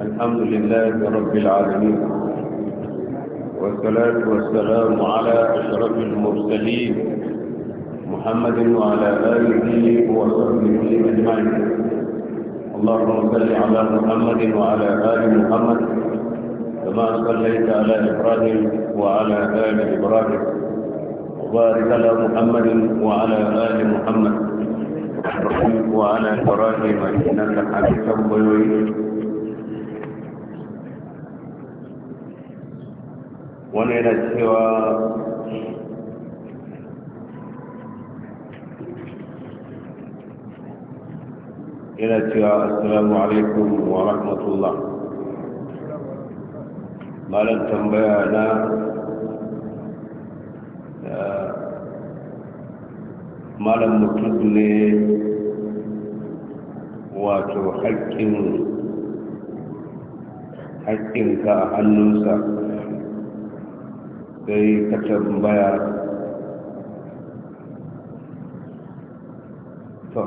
الحمد لله رب العالمين والصلاة والسلام على أشرف المرسلين محمد وعلى آله وصحبه أجمعين اللهم صل على محمد وعلى آل محمد كما صليت على إبراهيم وعلى آل إبراهيم وبارك على محمد وعلى آل محمد وعلى إبراهيم إنك حميد مجيد wani yana cewa yana cewa assalamu alaikum wa rahmatullah malam tambaya na malam mutum ne wato haƙƙin haƙƙinka a hannunsa sai ta tambaya to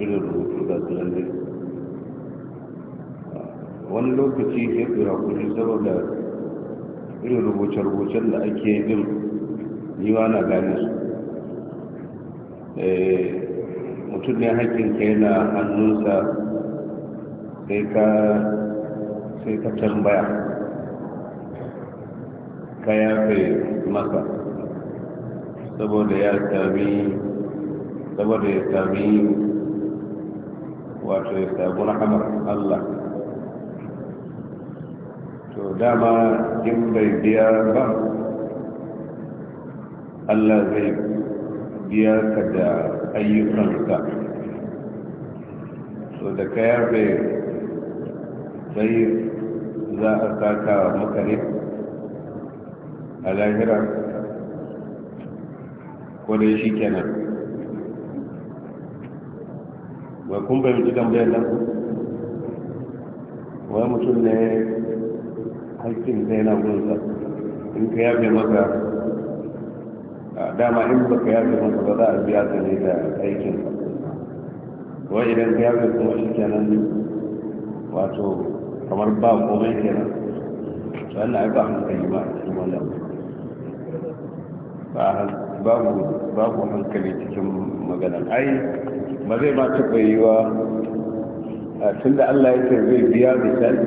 irin rubutu da zulalle wani lokaci ya fi hakuri saboda irin rubuce-rubucen da ake yin yiwa na gane su eh, mutum ne haƙƙinka yana hannunsa sai ka tambaya ka yafe masa saboda ya sami saboda ya sami wato ya sami rahamar Allah to dama in bai biya ba Allah zai biya ka da ayyukanka so da ka yafe sai za a saka maka ne a lahira dai shi kenan ba kun bai fahimci tambayar nan wani mutum ne haƙƙin sai na gunsa in ka yafe maka dama in ba ka yafe maka ba za a biya ka ne da aikin wa idan ka yafe kuma shi kenan wato kamar ba komai kenan wannan aka hankali ba a cikin wannan babu hankali cikin maganar ai ba zai ba taɓa yi wa tun da allah ya ce zai biya misali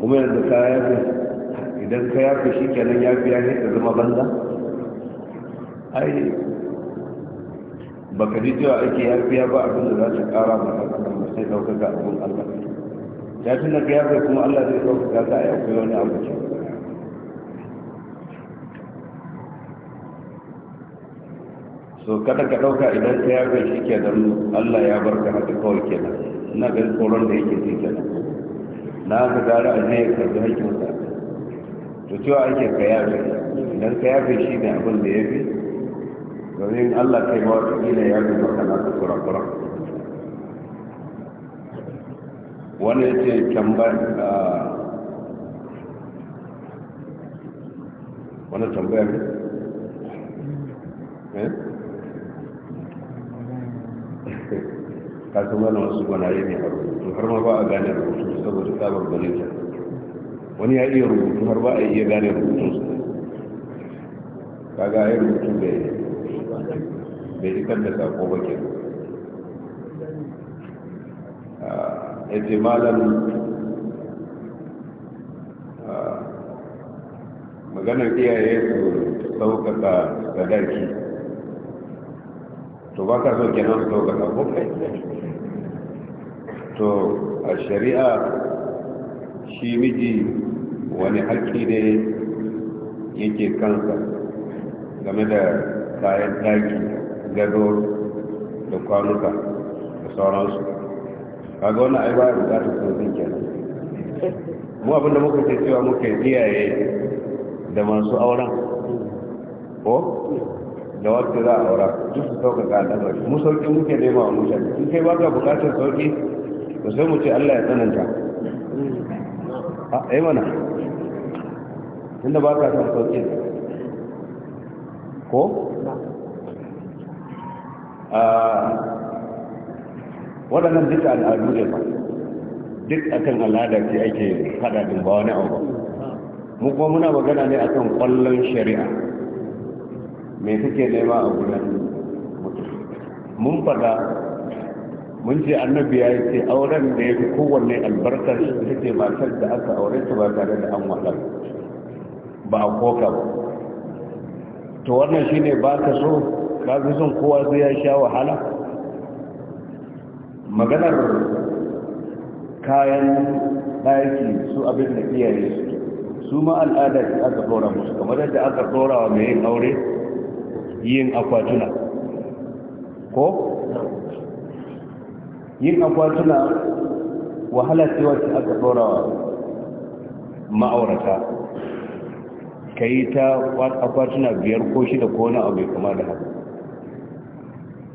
kuma yanzu ka yafe idan ka yafe shi kenan ya biya ne ka zama banza ai ba ka ji cewa ake biya ba abin da za ta kara ba sai ɗaukaka abin allah ya tun da ka yafe kuma allah zai ɗaukaka ka a yafe wani abu ce so kada ka ɗauka idan ka yaga shi kenan allah ya barka haka kawai kenan na ganin tsoron da yake ji kenan na ga gara a je ya karbi hakkinsa to cewa ake ka yaga idan ka yaga shi ne abin da ya fi domin allah kai ma wata kila ya fi maka na su kurakura wani ya ce tambaya wani tambaya ne? Eh? ka san wani wasu gwanaye ne a rubutu har ma ba a gane rubutu saboda tsabar balita wani ya iya rubutu har ba a iya gane rubutu su kaga ya rubutu bai bai ikar da sako ba ke ah, ya ce malam ah, maganar iyaye su ga sadaki to ba ka so kenan su dauka ka to a shari'a shi miji wani haƙƙi ne yake kansa game da kayan taki gado da kwanuka da sauransu kaga wani ai ba bukatar sosai kenan mu abinda muka ce cewa muka kiyaye da masu auren ko da wasu za a aura duk su sauƙaƙa al'amari mu sauƙi muke nema wa musa in kai baka buƙatar sauƙi to sai mu ce Allah ya tsananta a ah, yi eh mana inda ba ka san sauƙi ko a ah, waɗannan duka al'adu ne ba duk akan al'ada ce ake faɗaɗin ba wani abu mu kuma muna magana ne akan ƙwallon shari'a me kake nema a gudan mutum mun fada mun ce annabi ya ce auren da ya fi kowanne albarkar ita ce matar da aka aure su ba tare da an wahala ba a koka ba to wannan shine ba ka so ka fi son kowa zai ya sha wahala maganar kayan ɗaki su abin da iyaye su su ma da aka tsora musu kamar yadda aka tsora wa mai aure yin akwatuna ko yin akwatuna wahala ce wacce aka dora ma'aurata ka yi ta akwatuna biyar ko shida ko wani abu kuma da haka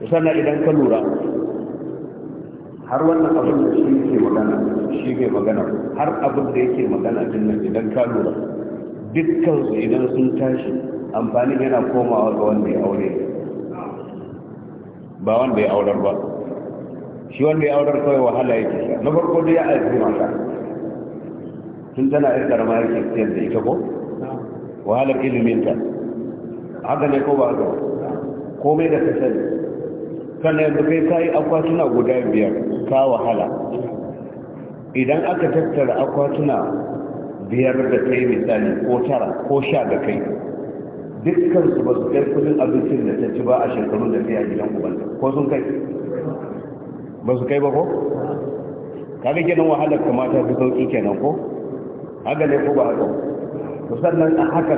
sannan idan ka lura har wannan abin da shi ke magana shi ke magana har abin da yake magana din nan idan ka lura dukkan su idan sun tashi amfanin yana komawa ga wanda ya aure ba wanda ya aurar ba shi wanda ya aurar kawai wahala yake sha na farko dai ya aiki mata tun tana yar karama yake siyar da ita ko wahalar iliminta haka ne ko ba haka komai da ka sani sannan yanzu kai ka yi akwatuna guda biyar ka wahala idan aka tattara akwatuna biyar da kai misali ko tara ko sha da kai dukkan su ba su kai kudin abincin da ta ci ba a shekarun da kai a gidan ubanta ko sun kai ba su kai ba ko kaga kenan wahalar kamata su sauki kenan ko haka ne ko ba haka Ku sannan a haka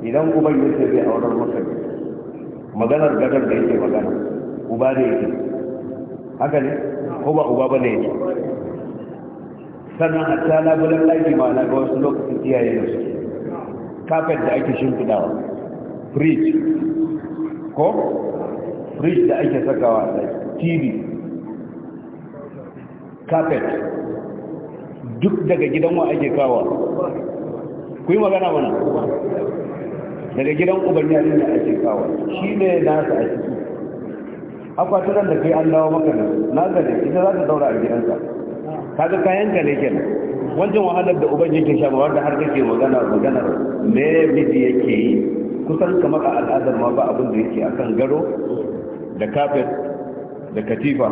idan uban yake zai wurin maka maganar gadar da yake magana uba ne yake haka ne ko ba uba ba ne yake sannan a ta labulan laifi ma na ga wasu lokacin iyaye da su kafet da ake shimfidawa fridge ko fridge da ake sakawa da tv kafet duk daga gidan wa ake kawa ku yi magana mana daga gidan ubanyalin da ake kawa shi ne nasa a ciki akwatunan da kai an dawa maka na zane ita za ta daura a gidansa kaga kayan ka ne kenan wajen wahalar da uban yake sha wanda har kake magana magana me miji yake yi kusan kamar a al'adar ma ba abin da yake akan garo da kafet da katifa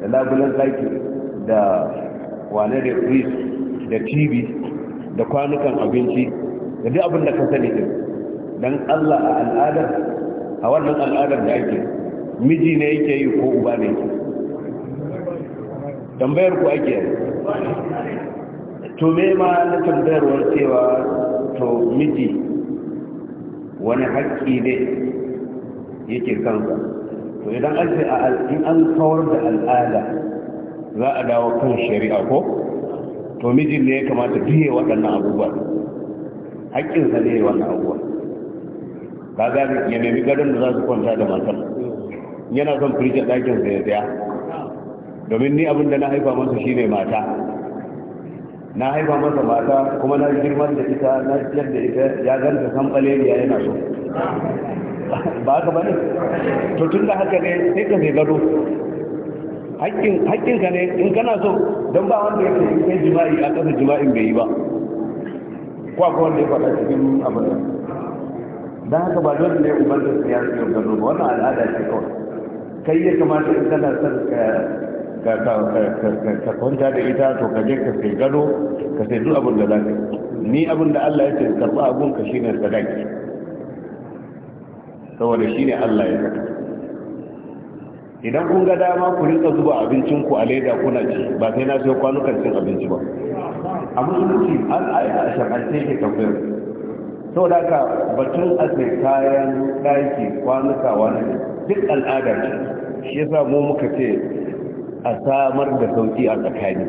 da labulan ɗaki da wane da fris da tv da kwanukan abinci da duk abin da ka sani din dan Allah a al'adar a wannan al'adar da ake miji ne yake yi ko uba ne yake tambayar ku ake to me ma na tambayarwar cewa to miji wani haƙƙi ne yake kansa to idan an ce in an kawar da al'ada za a dawo kan shari'a ko to mijin ne ya kamata biye waɗannan abubuwa haƙƙinsa ne wannan abubuwa ka gane ya nemi gadon da za su kwanta da matar yana son ɗakin sa ya tsaya domin ni abin da na haifa masa shine mata na haifa masa mata kuma na girman da ita na ciyar da ita ya ganta san ɓaleriya yana so ba haka bane to tun da haka ne sai ka sai gado haƙƙinka ka ne in kana so don ba wanda yake yi jima'i a ƙasa jima'in bai yi ba ko akwai wanda ya faɗa cikin abin nan don haka ba dole ne ubangar siyasa yau gado ba wannan al'ada ce kawai kai ya kamata in kana son ka kwanta da ita to ka je ka sai gado ka sai duk abin da za ka ni abin da Allah ya ce karɓi abin ka shine sadaki saboda shine Allah ya saka idan kun ga dama ku rinka zuba abincin ku a leda kuna ci ba sai na sai kwanukan cin abinci ba a musulunci an aika shakance ke tafiyar da ka batun ase kayan ɗaki kwanuka wani duk al'ada shi yasa mu muka ce a samar da sauki a tsakani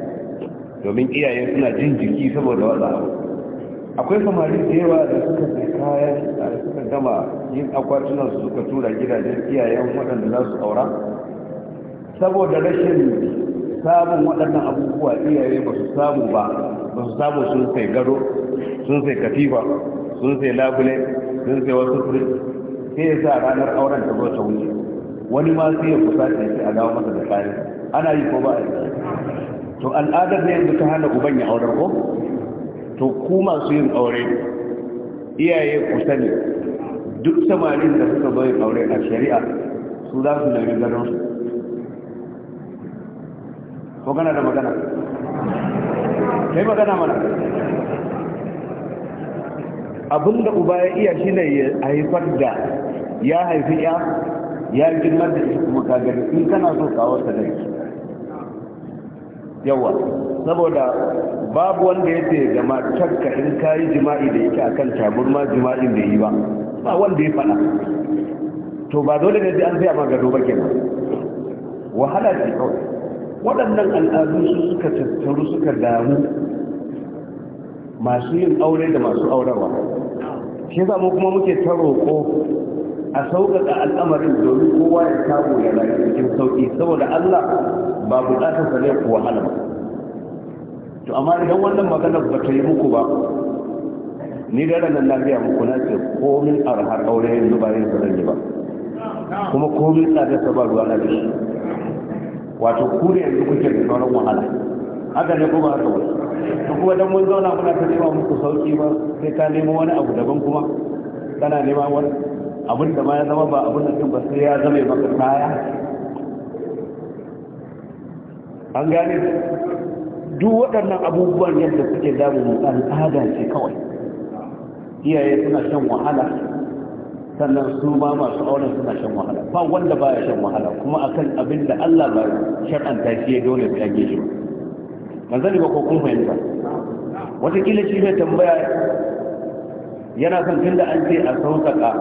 domin iyaye suna jin jiki saboda wata abu akwai samari da yawa da suka sai kayan da suka gama yin akwatunan su suka tura gidajen iyayen waɗanda za su aura saboda rashin samun waɗannan abubuwa iyaye ba su samu ba ba su samu sun sai gado sun sai katifa sun sai labule sun sai wasu firin sai ya sa ranar auren ta zo ta wuce wani ma sai ya kusa ta a dawo masa da kayan ana yi ko ba a yi to al'adar ne yanzu ta hana uban ya aure ko to ku masu yin aure iyaye ku sani duk samarin da suka bayin aure a shari'a su za su nemi ganin su ko gana da magana kai magana mana abinda uba ya iya shi ne ya haifar da ya haifi ya ya girmar da shi kuma kagari in kana so kawo sadari yawa saboda babu wanda ya ce ga matakka in kayi jima'i da yake akan taburma jima'in da yi ba ba wanda ya faɗa to ba dole ne sai an sai ma gado ba kenan wahala ce kawai waɗannan al'adu su suka tattaru suka damu masu yin aure da masu aurewa. shi yasa mu kuma muke taro ko? a sauƙaƙa al'amarin domin kowa ya samu ya rayu cikin sauƙi saboda Allah ba buƙatar sa ne ku wahala ba to amma idan wannan magana ba ta yi muku ba ni da ranar lafiya muku na ce komin arhar aure yanzu ba yin zan yi ba kuma komin tsadar sa ba ruwa na shi wato ku ne yanzu kuke da sauran wahala haka ne kuma haka wani to kuma dan mun zauna muna ta nema muku sauki ba sai ka nemo wani abu daban kuma kana nema wani abin da ma ya zama ba abin da ɗin ba sai ya zama ya maka kaya an gane duk waɗannan abubuwan yadda suke damu mu al'ada ce kawai iyaye suna shan wahala sannan su ma masu auren suna shan wahala ba wanda baya shan wahala kuma akan abin da Allah ba shar'anta shi ya dole sai an shi Ba zani ba ko kun fahimta wataƙila shi mai tambaya yana son tun da an ce a sauƙaƙa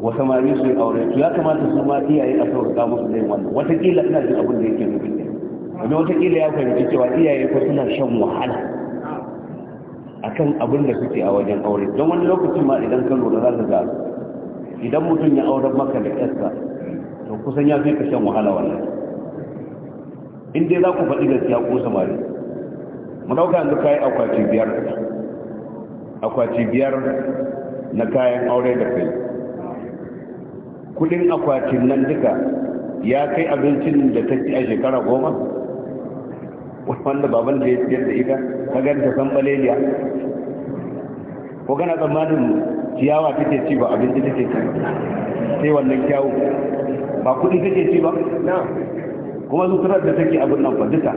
wa mari su aure ya kamata su ma iyaye a ga musu zai wannan wataƙila ina jin abin da yake nufi wani wataƙila ya fahimci cewa iyaye ko suna shan wahala akan abin da suke a wajen aure don wani lokacin ma idan ka lura za ka ga idan mutum ya auren maka da ƴarsa to kusan ya fi ka shan wahala wannan in dai za ku faɗi gaskiya ko samari mu ɗauka yanzu kayi akwati biyar akwati biyar na kayan aure da kai kudin akwatin nan duka ya kai abincin da ta ci a shekara goma wanda baban da ya siyar da ita ta ganta san baleliya ko kana tsammanin ciyawa take ci ba abinci take ci sai wannan kyawu ba kudi take ci ba kuma zuturar da take abin nan fa duka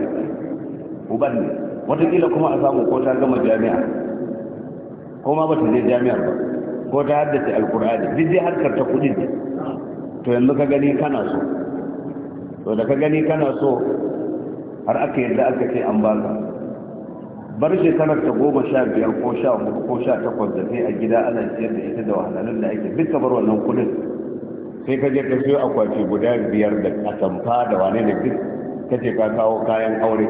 uban ne watakila kuma a samu ko ta gama jami'a ko ma ba ta je jami'ar ba ko ta haddace alkur'ani duk dai harkar ta kudin ne to yanzu ka gani kana so to da ka gani kana so har aka yadda aka ce an baka bar shekarar ta goma sha biyar ko sha hudu ko sha takwas da sai a gida ana ciyar da ita da wahalalun da ake duka bar wannan kudin sai ka je ka siyo akwati guda biyar da atamfa da wane da duk ka ce ka kawo kayan aure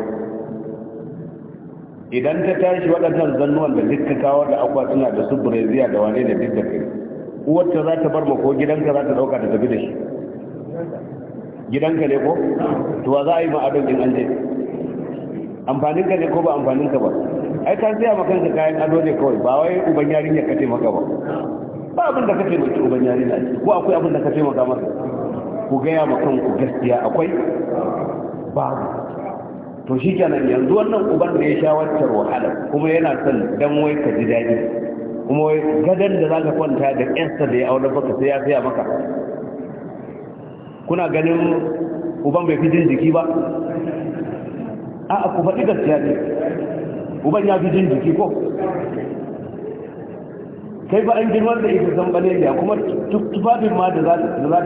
idan ta tashi waɗannan zannuwan da duk ka kawo da akwatuna da su breziya da wane da duk da kai uwarta za ta bar ko gidanka za ta dauka ta tafi da shi gidanka ne ko tuwa za a yi ma'adon in an je amfanin ka ne ko ba amfanin ka ba ai ka siya maka kanka kayan ado ne kawai ba wai uban yarinya ka maka ba ba abin da ka taimaki uban yarinya ko akwai abin da ka maka maka ku gaya ma kanku gaskiya akwai babu to shi kenan yanzu wannan uban da ya sha wacce wahala kuma yana son dan wai ka ji daɗi kuma gadon da za ka kwanta da ƴarsa da ya aure baka sai ya saya maka kuna ganin uban bai fi jin jiki ba a ku faɗi gaskiya ne uban ya fi jin jiki ko kai ba an jin wanda ita san bane ne kuma tufafin ma da za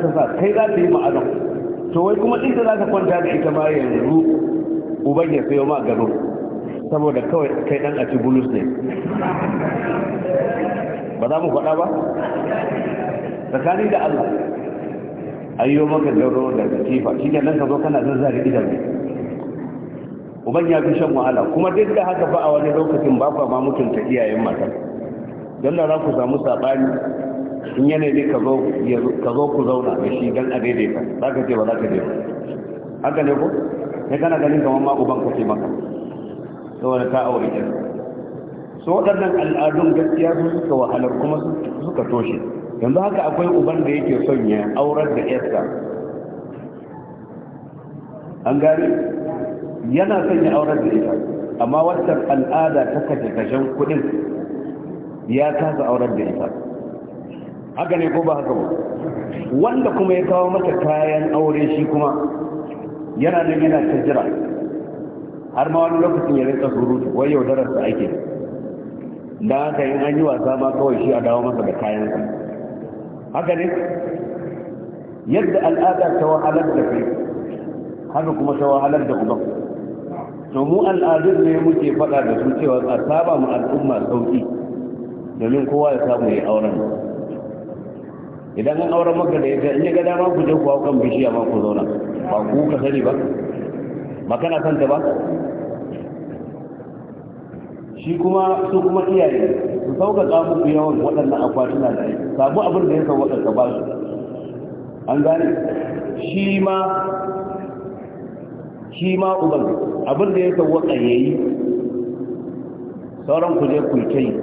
ta sa kai za ta yi ma'azan to wai kuma inda za ta kwanta da ita ma yanzu uban ya sayo ma gado saboda kawai kai dan a ci bulus ne ba za mu faɗa ba tsakani da allah ayyo maka dauro da kifa shi ne nan ka zo kana idan ne uban ya fi shan wahala kuma duk da haka ba a wani lokacin ba kwa ma mutunta iyayen mata. don da ku samu saɓani in yanayi ka zo ku zauna da shi don a daidaita za ka ce ba za ka je haka ne ko ne kana ganin kamar ma uban kake maka saboda ta aure ta so waɗannan al'adun gaskiya sun suka wahalar kuma suka toshe yanzu haka akwai uban da yake son ya aurar da yarsa an gani yana son ya aurar da ita amma wata al'ada ta kashe kashen kudin ya kasa aurar da ita haka ne ko ba haka ba wanda kuma ya kawo mata kayan aure shi kuma yana nan yana ta jira har ma wani lokacin ya rinka surutu wai yau yaudararsa ake da haka yin an yi wasa ma kawai shi a dawo masa da kayansa haka ne yadda al'ada ta wahalar da kai haka kuma ta wahalar da uban to mu al'adun ne muke faɗa da su cewa a saba mu al'umma sauki domin kowa ya samu ya auren idan an auren maka da ya in ya gada ma ku je ku hau kan bishiya ma ku zauna ba ku ka sani ba ba kana santa ba shi kuma su kuma iyaye su sauƙaƙa muku yawan waɗannan akwatuna da aiki samu abin da ya sauƙaƙa ka ba su an gane shi ma shi ma uban abin da ya sauƙaƙa ya yi sauran ku je ku yi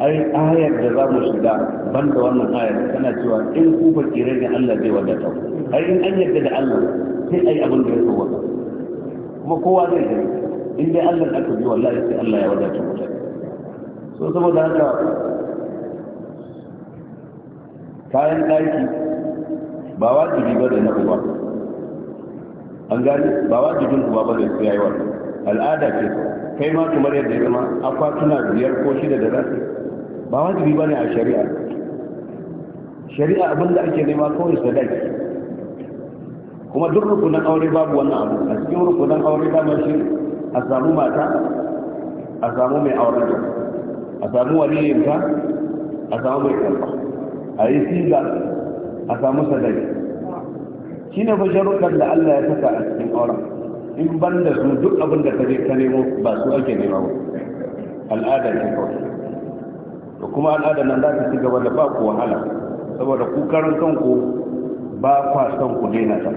ai ayar da za mu shiga ban da wannan ayar tana cewa in ku fakirai ne Allah zai wadata ai in an yarda da Allah sai ai abin da ya sauƙaƙa kuma kowa zai gani in dai Allah aka bi wallahi sai Allah ya wadata mutane so saboda haka kayan ɗaki ba wajibi ba da na uba an gani ba wajibin uba ba da su yawa al'ada ce kai ma kamar yadda ya zama akwatuna biyar ko shida da rasu ba wajibi ba ne a shari'a shari'a abinda ake nema kawai sadaki kuma duk rukunan aure babu wannan abu a cikin rukunan aure ba shi a samu mata a samu mai auren a samu waliyinka a samu mai karfa a yi siga a samu sadari shi ne fashe rukar da Allah ya saka a cikin auren in ban da su duk abin da ka ka nemo ba su ake nema ba al'ada ne kawai to kuma al'ada nan za ta ci gaba da ba ku wahala saboda ku kanku ba kwa son ku daina ta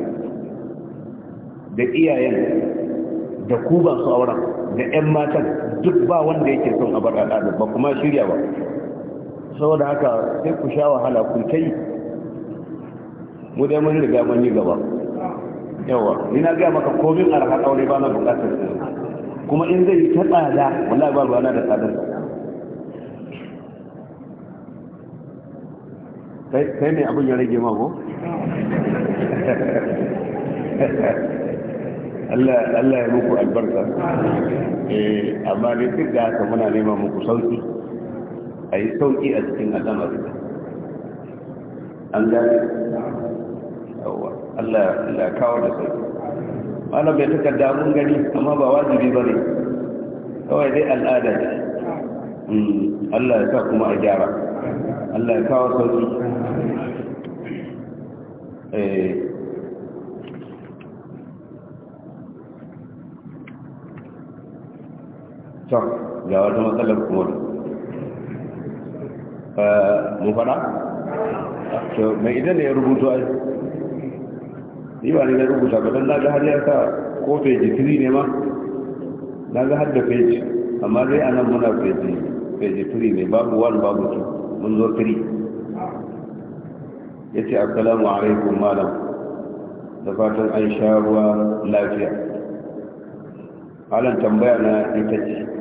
da iyayen da ku ba su auren da 'yan matan duk ba wanda yake son a bar al'adar ba kuma shirya ba saboda haka sai ku sha wahala ku ta yi mu dai mun riga mun yi gaba yawa ni na gaya maka komin arha aure ba na bukatar kuma in zai ta tsada wallahi ba ba na da tsadar kai ne abin ya rage mako Allah ya muku albarka eh amma ne duk da haka muna nema muku sauki a yi sauki a cikin al'amari an gani. Allah ya kawo da sauki malam bai takarda mun gani amma ba wajibi ba ne kawai dai al'ada ce hmm, Allah ya sa kuma a gyara Allah ya kawo sauki eh to ga wata matsalar kuma mu fada? to mai idan ne ya rubutu ai ni ba ne na rubuta ba don na ga har ya sa ko feji tiri ne ma na ga har da feji amma zai a nan muna feji feji tiri ne babu wani babu su mun zo tiri ya ce a alaikum malam da fatan an sha ruwa lafiya halin tambaya na ita ce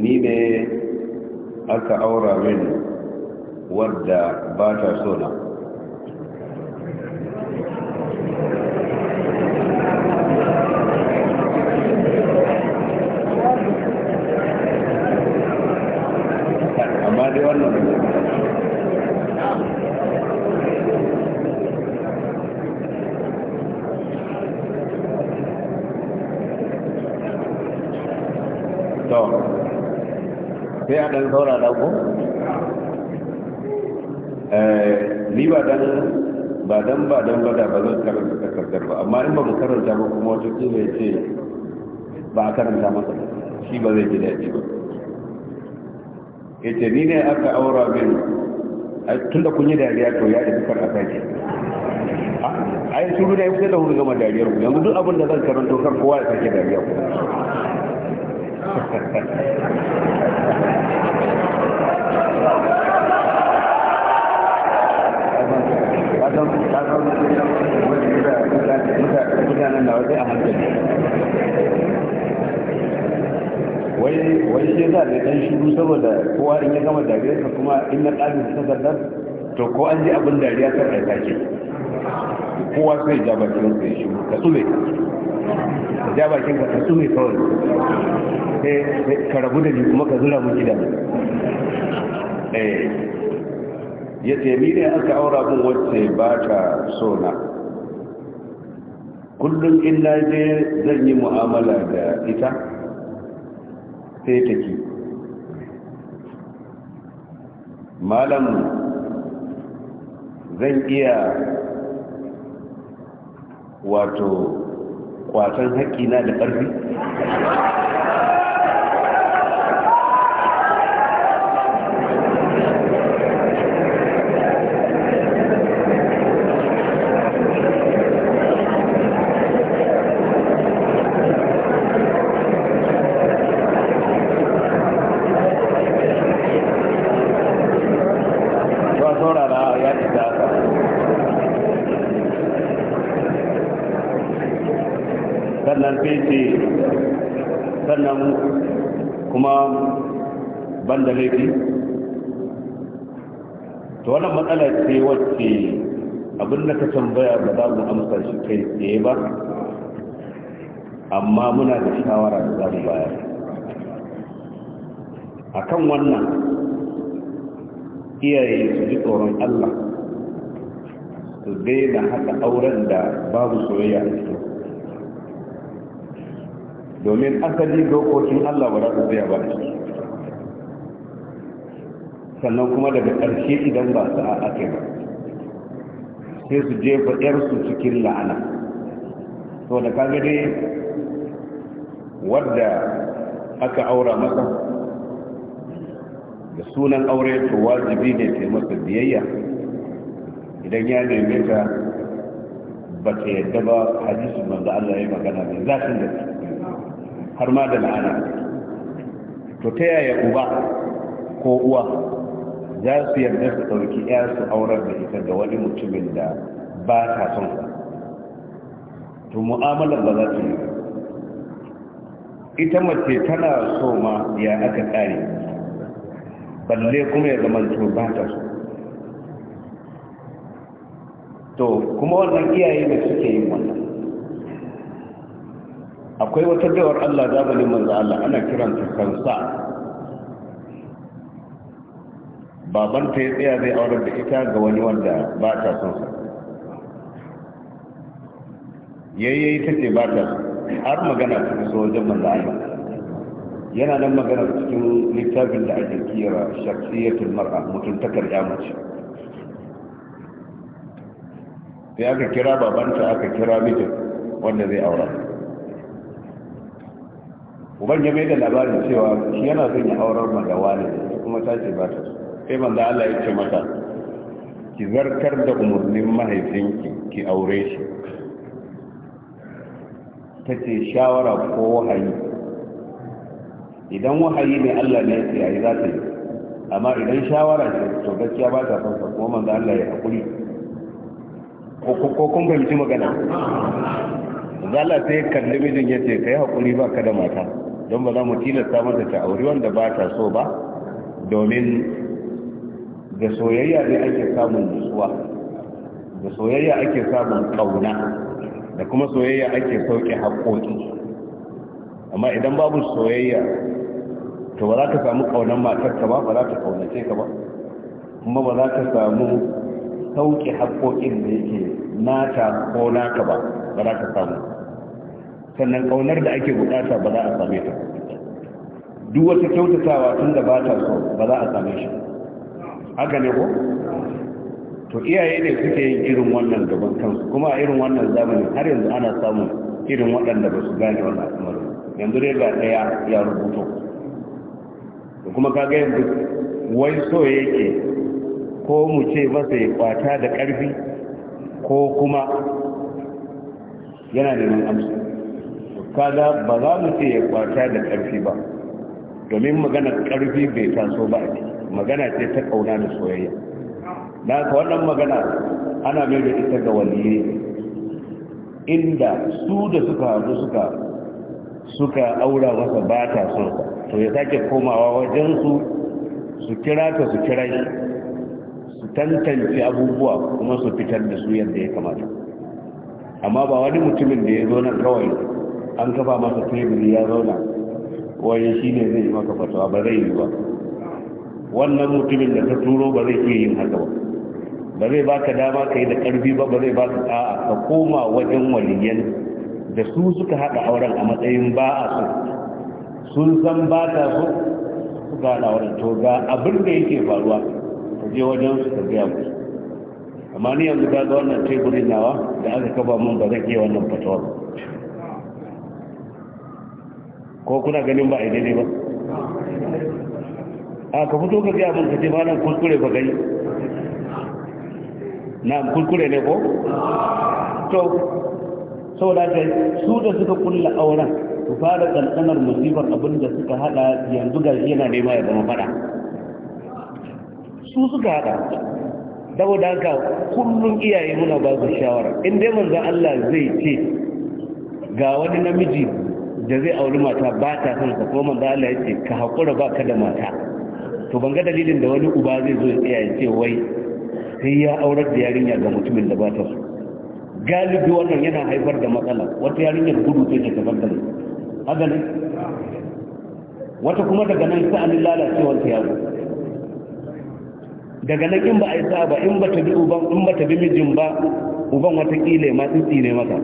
ni ne aka aura min wadda ba ta so na amma dai wannan sai a ɗan da ko eh, ni ba dan ba dan ba dan ba da ba zan karanta takardar ba amma in ba mu karanta ba kuma wata kuma ya ce ba a karanta masa shi ba zai ji daɗi ba yace ni ne aka aura min tunda kun yi dariya to ya da kar a sake ah, ai shuru da fi da huru gama dariyar ku yanzu duk abin da zan karanta kan kowa ya sake dariya ku mutanen da a hankali wai shi za da ɗan shiru saboda kowa in ya gama dariyarsa kuma in na ƙarin takardar to ko an ji abin dariya ta ƙarƙa kowa sai ja bakin sai shiru ka tsule ja bakin ka su ne kawai sai eh, eh, ka da ji kuma ka zura mu gida eh. ya ce mi ne aka aura mun wacce ba ta so na kullum in na je zan yi mu'amala da ita sai ta ki malam zan iya wato kwatan haƙƙi na da ƙarfi kuma ban da laifi to wannan matsala ce wacce abin da ka tambaya ba za mu amsa shi kai tsaye ba amma muna da shawara da za mu bayar a kan wannan iyaye su ji tsoron allah su daina haɗa auren da babu soyayya a cikin domin asali dokokin Allah ba za su tsaya ba sannan kuma daga ƙarshe idan ba su a ake ba sai su jefa 'yarsu cikin la'ana so da kaga dai wadda aka aura masa da sunan aure to wajibi ne ta masa biyayya idan ya neme ta ba ta yadda ba hadisu manzo Allah ya magana ne zafin da har ma da la'ana to ta yaya uba ko uwa za su yarda su ɗauki ya su aurar da ita da wani mutumin da ba ta son sa to mu'amalar ba za ta yi ita mace tana so ma ya aka tsari balle kuma ya zama to ba ta so to kuma wannan iyaye da suke yin wannan akwai wata dawar Allah zamanin manzo Allah ana kiranta kansa baban ta ya tsaya zai aure da ita ga wani wanda ba ta son sa yayyayi ta ce ba ta har magana ta so wajen manzo Allah yana nan magana cikin littafin da ake kira shakhsiyatul mar'a ta karya mace sai aka kira babanta aka kira mijin wanda zai aura uban ya mai da labarin cewa shi yana son ya aurar ma da wani kuma ta ce ba ta sai manzo Allah ya ce mata ki zartar da umarnin mahaifinki ki aure shi ta ce shawara ko wahayi idan wahayi ne Allah ne ya yi za ta yi amma idan shawara ce to gaskiya ba ta son kuma manzo Allah ya hakuri ko kun fahimci magana zala sai kalli mijin ya ce ka yi haƙuri ba ka da mata don ba za mu tilasta mata ta auri wanda ba ta so ba domin da soyayya ne ake samun nutsuwa da soyayya ake samun kauna da kuma soyayya ake sauke haƙoƙi amma idan babu soyayya to ba za ka samu ƙaunar matarka ba ba za ta ƙaunace ka ba kuma ba za ka samu sauke haƙoƙin da yake nata ko naka ba ba za ka samu sannan kaunar da ake bukata ba za a same ta duk wata kyautatawa tun da ba ta so ba za a same shi haka ne ko to iyaye ne suke yin irin wannan gaban kansu kuma a irin wannan zamanin har yanzu ana samun irin waɗanda ba su gane wannan al'amari yanzu dai ga ɗaya ya rubuto da kuma ka ga yanzu wai so yake ko mu ce sa ya kwata da ƙarfi ko kuma yana neman amsa Kada ba za mu ce ya kwata da ƙarfi ba domin magana ƙarfi bai taso ba a magana ce ta ƙauna da soyayya na ka wannan magana ana mai da ita ga waliyyai. inda su da suka haɗu suka suka aura masa ba ta son to ya sake komawa wajen su su kira ta su kira shi su tantance abubuwa kuma su fitar da su yadda ya kamata amma ba wani mutumin da ya zo nan kawai an kafa masa teburi ya zauna waye shi ne zai maka fatawa ba zai yi ba wannan mutumin da ta turo ba zai iya yin haka ba ba zai baka dama ka yi da karfi ba ba zai baka a'a ka koma wajen waliyan da su suka haɗa auren a matsayin ba a so sun san ba ta so suka haɗa auren to ga abin da yake faruwa ka je wajen su ka gaya musu amma ni yanzu ga wannan teburin nawa da aka kafa mun ba zai iya wannan fatawa ba ko kuna ganin ba a yi daidai ba a ka fito ka ga abin ka ce ba kuskure ba gai na kuskure ne ko to saboda kai su da suka kulla auren su fara tsantsanar musibar abin da suka hada yanzu ga yana nema ya zama fada su suka hada saboda ka kullum iyaye muna ba su shawara in dai manzo Allah zai ce ga wani namiji da zai auri mata ba ta son ka ko manzo Allah ya ce ka hakura ba ka da mata to ban ga dalilin da wani uba zai zo ya ce wai sai ya aurar da yarinya ga mutumin da ba ta so galibi wannan yana haifar da matsala wata yarinyar gudu ce ta gani haka ne wata kuma daga nan an lalacewar ta yaro daga nan in ba a yi sa'a ba in ba ta bi uban in ba ta bi mijin ba uban watakila ma tsitsi ne maka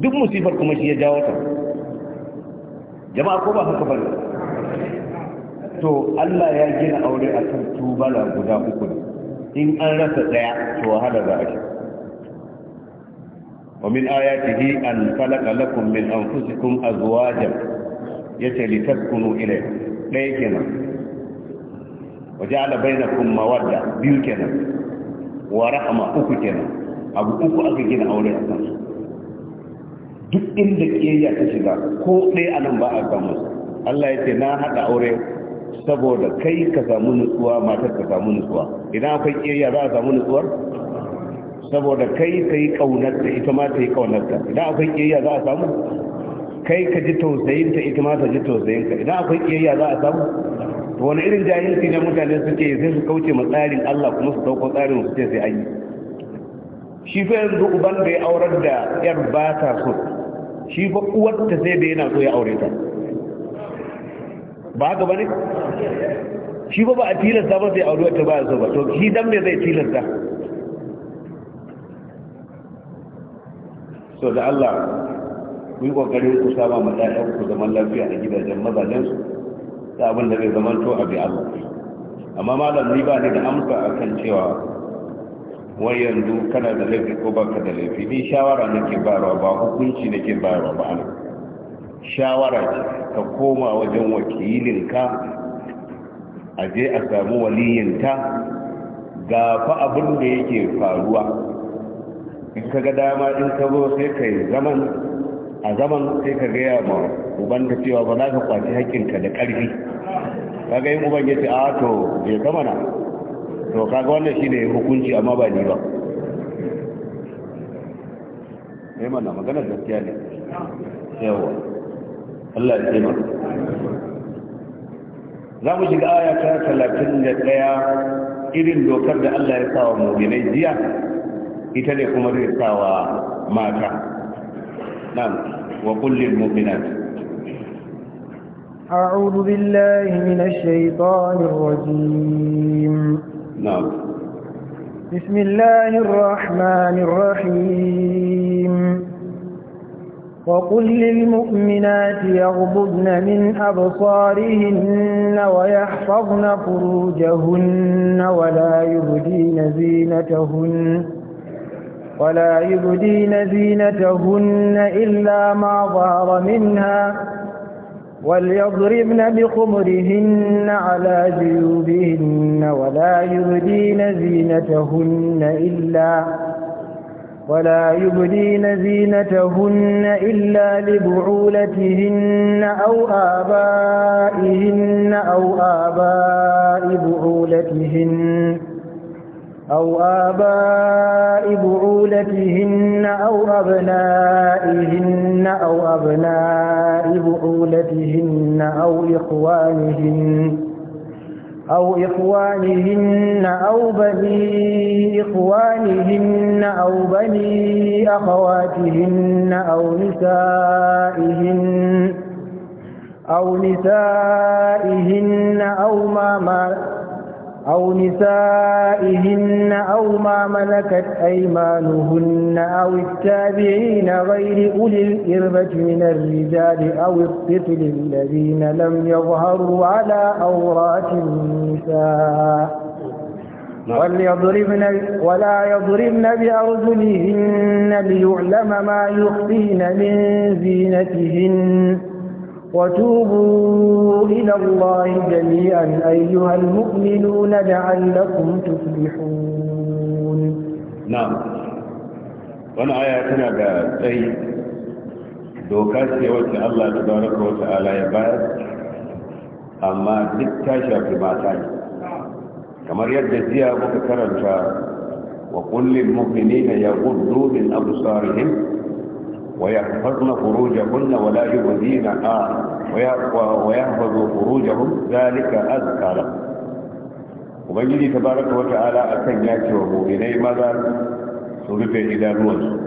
duk musifar kuma shi ya jawo ta jama'a ko ba haka ba to Allah ya gina aure a kan tubala guda uku ne in an rasa daya to wahala za a shi wa min ayatihi an khalaqa lakum min anfusikum azwajan yace litaskunu ilayha daya kenan wa ja'ala bainakum mawadda biyu kenan wa rahma uku kenan abu uku aka gina aure a kansu duk inda kiyayya ta shiga ko ɗaya a nan ba a samu Allah ya ce na haɗa aure saboda kai ka samu nutsuwa matar ka samu nutsuwa idan akwai kiyayya za a samu nutsuwar saboda kai ka yi ƙaunarta ita ma ta yi ƙaunarta idan akwai kiyayya za a samu kai ka ji tausayinta ita ma ta ji tausayinka idan akwai kiyayya za a samu wani irin jahilci ne mutane suke sai su kauce ma tsarin Allah kuma su dauko tsarin su ce sai an yi shi fa yanzu uban da ya aurar da yar ba ta so shi fa uwarta sai da yana so ya aure ta ba haka bane shi fa ba a tilasta ba sai aure ta ba so ba to shi dan me zai tilasta so da Allah ku yi kokarin ku saba ma ɗayan ku zaman lafiya a gidajen mazajen su ta abin da zai to a bi Allah amma malam ni ba ni da amsa akan cewa wai yanzu kana da laifi ko baka da laifi ni shawara nake bayarwa ba hukunci nake bayarwa ba ana shawara ce ka koma wajen wakilinka a je a samu waliyinta ga fa abin da yake faruwa in ka ga dama in ka zo sai ka yi zaman a zaman sai ka gaya ma uban ta cewa ba za ka kwaci haƙƙinka da ƙarfi Ka ga yin uban ya ce a to je ka na to kaga wannan shine hukunci amma ba ni ba eh mana magana gaskiya ne yawa Allah ya taimaka za mu shiga aya ta 31 irin dokar da Allah ya sa wa mu'minai jiya ita ne kuma zai sa wa mata nan wa kullil mu'minat أعوذ بالله من الشيطان الرجيم نعم بسم الله الرحمن الرحيم وقل للمؤمنات يغضبن من أبصارهن ويحفظن فروجهن ولا يبدين زينتهن ولا يبدين زينتهن إلا ما ظهر منها وليضربن بخمرهن على جيوبهن ولا يبدين زينتهن إلا ولا يبدين زينتهن إلا لبعولتهن أو آبائهن أو آباء بعولتهن أو آباء بعولتهن أو أبنائهن أو أبناء بعولتهن أو إخوانهن أو إخوانهن أو بني إخوانهن أو بني أخواتهن أو نسائهن أو نسائهن أو ما ملكت أو نسائهن أو ما ملكت أيمانهن أو التابعين غير أولي الإربة من الرجال أو الطفل الذين لم يظهروا على أورات النساء نعم. وليضربن ولا يضربن بأرجلهن ليعلم ما يخفين من زينتهن وتوبوا إلى الله جميعا أيها المؤمنون لعلكم تفلحون نعم وانا آياتنا بأي doka ce wacce Allah ta baraka wa ta'ala ya amma duk ta shafi kamar yadda jiya muka karanta wa kullum mu'minina yaghuddu min absarihim ويحفظن فروجهن ولا يؤذينها ويحفظ فروجهم ذلك أزكى لهم ubangiji ta baraka wata ala a kan ya ce wa muminai maza su rufe idanuwansu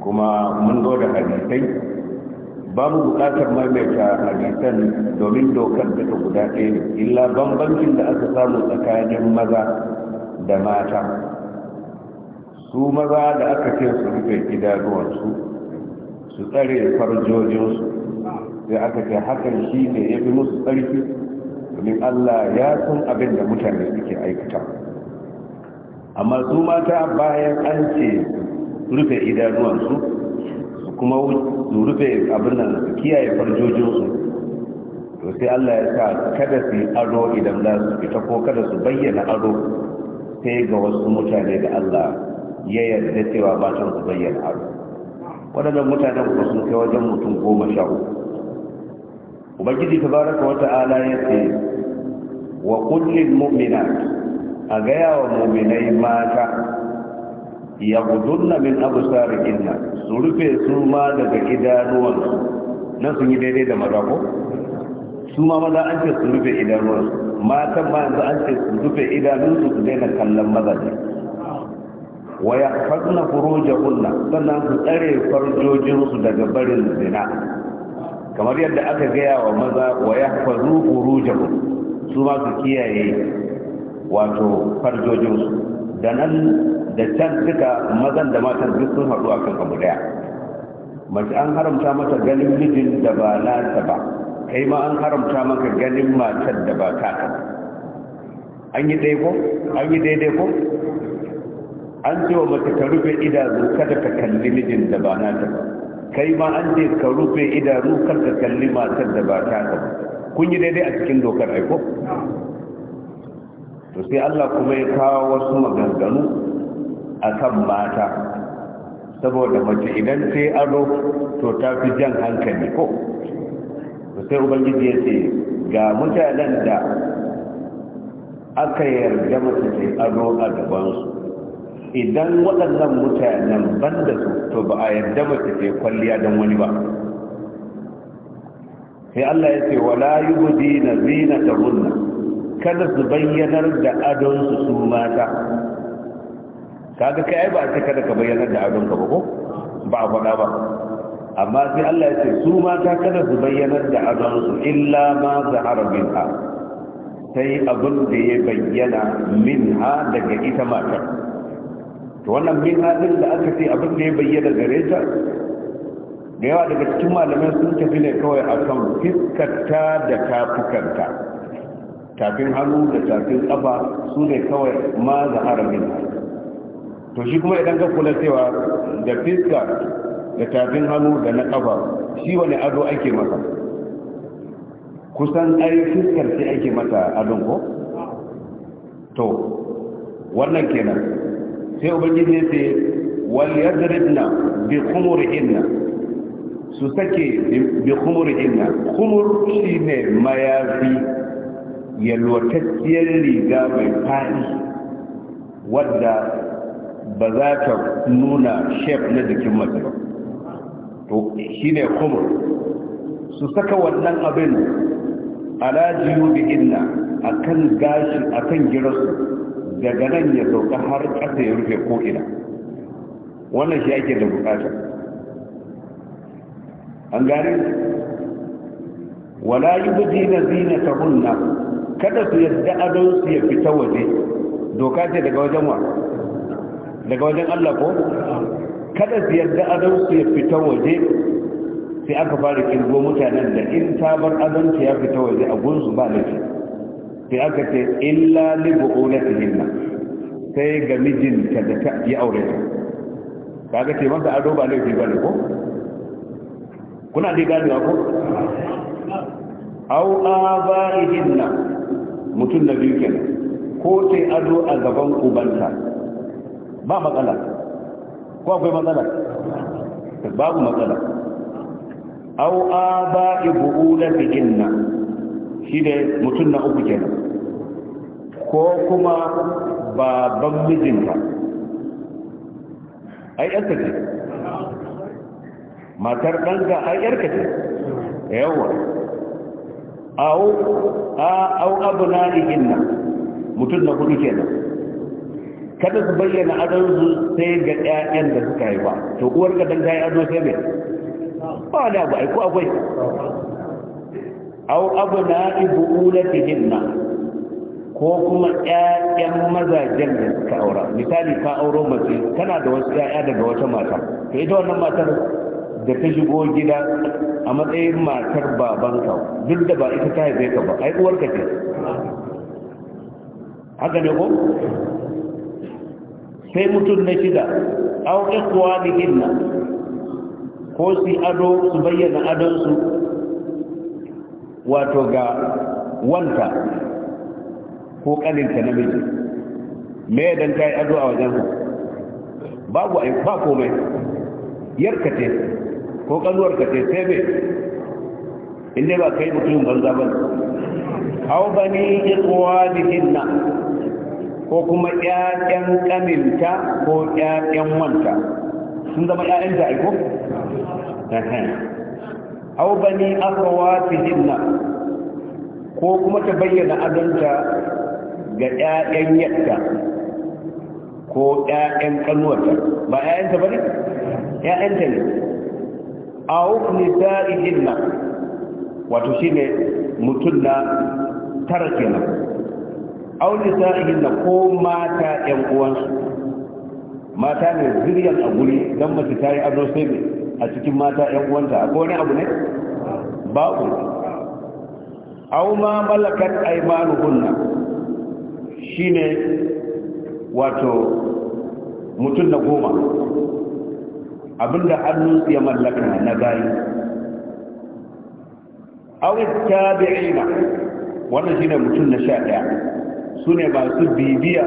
kuma mun zo da hadisai babu bukatar maimaita hadisan domin dokar da ta guda ɗaya ne illa bambancin da aka samu tsakanin maza da mata su maza da aka ce su rufe gidanuwarsu su tsare farjojinsu sai aka ce hakan shi ne ya fi musu tsarki domin allah ya san abin da mutane suke aikata amma su mata bayan an ce rufe idanuwansu su kuma su rufe abin nan su kiyaye farjojinsu to sai Allah ya sa kada su yi aro idan za su fita ko kada su bayyana aro sai ga wasu mutane da Allah ya yarda cewa ba su bayyana haru waɗannan mutanen ku sun kai wajen mutum goma sha uku ubangiji baraka wa ta'ala ya ce wa kullin mu'minat a gaya wa mu'minai mata ya gudunna min abu absarihinna su rufe su ma daga idanuwansu nan sun yi daidai da maza ko su ma maza an ce su rufe idanuwansu matan ma yanzu an ce su rufe idanunsu su daina kallon mazaje wa furuja kunna sannan su tsare farjojinsu daga barin zina kamar yadda aka gaya wa maza wa furuja furujahun su ma su kiyaye wato farjojinsu da nan da can suka mazan da matan duk sun haɗu akan abu daya mace an haramta mata ganin mijin da ba ta ba kai ma an haramta maka ganin matar da ba ta an yi ko an yi daidai ko an ce wa mace ka rufe idanu kada ka kalli mijin da ba na ta ba kai ma an ce ka rufe idanu kada ka kalli matar da ba ta ba kun yi daidai a cikin dokar aiko to sai Allah kuma ya kawo wasu maganganu a kan mata saboda mace idan sai ado to ta fi jan hankali ko to sai ubangiji ya ce ga mutanen da aka yarda mace ado a gabansu idan waɗannan mutanen ban da su to ba a yadda mace ke kwalliya don wani ba sai Allah ya ce wala yubdi na zina ta hunna kada su bayyanar da adon su su mata kaga kai ba ce kada ka bayyanar da adon ka ba ko ba a faɗa ba amma sai Allah ya ce su mata kada su bayyanar da adon su illa ma zahara minha sai abin da ya bayyana minha daga ita matar to wannan min hadin da aka ce abin da ya bayyana gare ta da yawa daga cikin malamai sun tafi ne kawai akan fiskarta da tafukanta tafin hannu da tafin ƙafa su ne kawai ma a min to shi kuma idan ka kula cewa da fiska da tafin hannu da na ƙafa shi wani ado ake masa kusan ai fiskar sai ake mata adon ko to wannan kenan sai ubangiji ya ce wal yadribna bi khumurihinna su sake bi khumurihinna khumur shine mayafi yalwatacciyar riga mai fadi wadda ba za ta nuna shef na jikin mace ba to shine khumur su saka wannan abin ala jiyubihinna akan gashi akan girarsu daga nan ya sauka har ƙasa ya rufe ko'ina wannan shi ake da buƙatar. an gane wala yi buji na zina ta hunna kada su yadda adon su ya fita waje doka ce daga wajen wa daga wajen allah ko kada su yadda adon su ya fita waje sai aka fara kirgo mutanen da in tabar adon ya fita waje a gunsu ba laifi sai aka ce illa li hinna sai ga mijinta da ta yi aure ta kaga ce masa ado ba laifi bane ko kuna dai gani ko au aba'ihinna mutum na biyu kenan ko sai ado a gaban ubanta ba matsala ko akwai matsala babu matsala au aba'i hinna shi ne mutum na uku kenan ko kuma baban mijinta ai yarka ce matar ɗanka ai yarka ce yawa au au abu na ihinna mutum na hudu kenan kada su bayyana adonsu sai ga ɗayan da suka haifa to uwar ka dan ta yi ado sai bai ba da ba ai ko akwai au abna'i hinna ko kuma ƴaƴan mazajen da suka aura misali ka auro mace kana da wasu ƴaƴa daga wata mata to ita wannan matar da ta shigo gida a matsayin matar babanka duk da ba ita ta haife ka ba ai ka ce haka ne ko sai mutum na shida au ikhwanihinna ko su ado su bayyana adon su wato ga wanta ko kaninta namiji me dan ta yi ado a wajensa babu ai ba komai yarka ce ko kanuwar ka ce sai bai inda ba kai mutum banza ba hau bani ikuwa dihinna ko kuma ƴaƴan kaninta ko ƴaƴan wanta sun zama ƴaƴan da aiko aw bani akhawatihinna ko kuma ta bayyana adanta ga ƴaƴan yatta ko ƴaƴan kanuwarta ba ta bane ta ne aw nisa'ihinna wato shine mutun na tara kenan aw nisa'ihinna ko mata ƴan uwansu mata ne zuriyar a guri dan mace ta yi ado sai a cikin mata yan uwanta akwai wani abu ne babu Au ma malakat shi shine wato mutum da goma abinda hannun ya mallaka na bayi ta tabi'ina wannan shine mutum na sha daya su ne su bibiya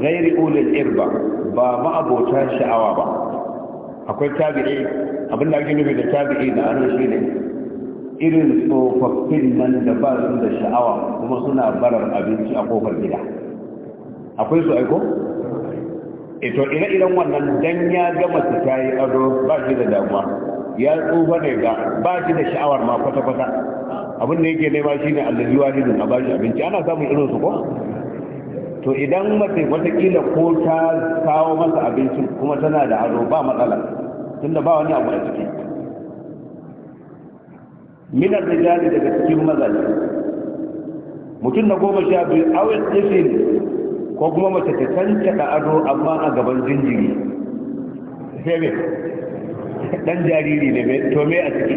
gairi ulil irba ba ma'abota sha'awa ba akwai tabi'i abin da ake nufi da tabi'i da an shi ne irin tsofaffin nan da ba su da sha'awa kuma suna barar abinci a kofar gida akwai su aiko ito eh, ina idan wannan dan ya gama su ta yi ado ba shi da damuwa ya tsufa ne ga ba shi da sha'awar ma kwata-kwata abin da yake nema shi ne allazi wahidin a bashi abinci ana samun irin su ko to idan mace watakila ko ta kawo masa abinci kuma tana da ado ba matsala tunda ba wani abu a ciki minar da jari daga cikin mazali mutum na goma sha biyu awis ɗifin ko kuma mace ta canca da aro amma a gaban jinjiri sebe dan jariri ne to me a ciki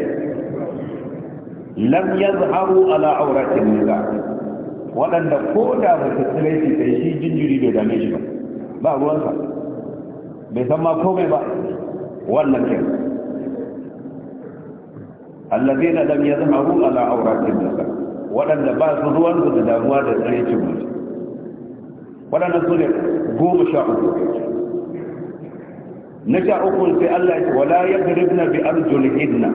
lam yazharu ala auratin nisa waɗanda ko da ba su tsirai su kai shi jinjiri bai dame shi ba ba ruwansa bai san ma komai ba wannan ke allazi na lam yazharu ala auratin nasa waɗanda ba su ruwan su da damuwa da tsirai cin mutu waɗanda su ne goma sha uku na sha uku sai Allah ya ce wala yadribna bi arjulihinna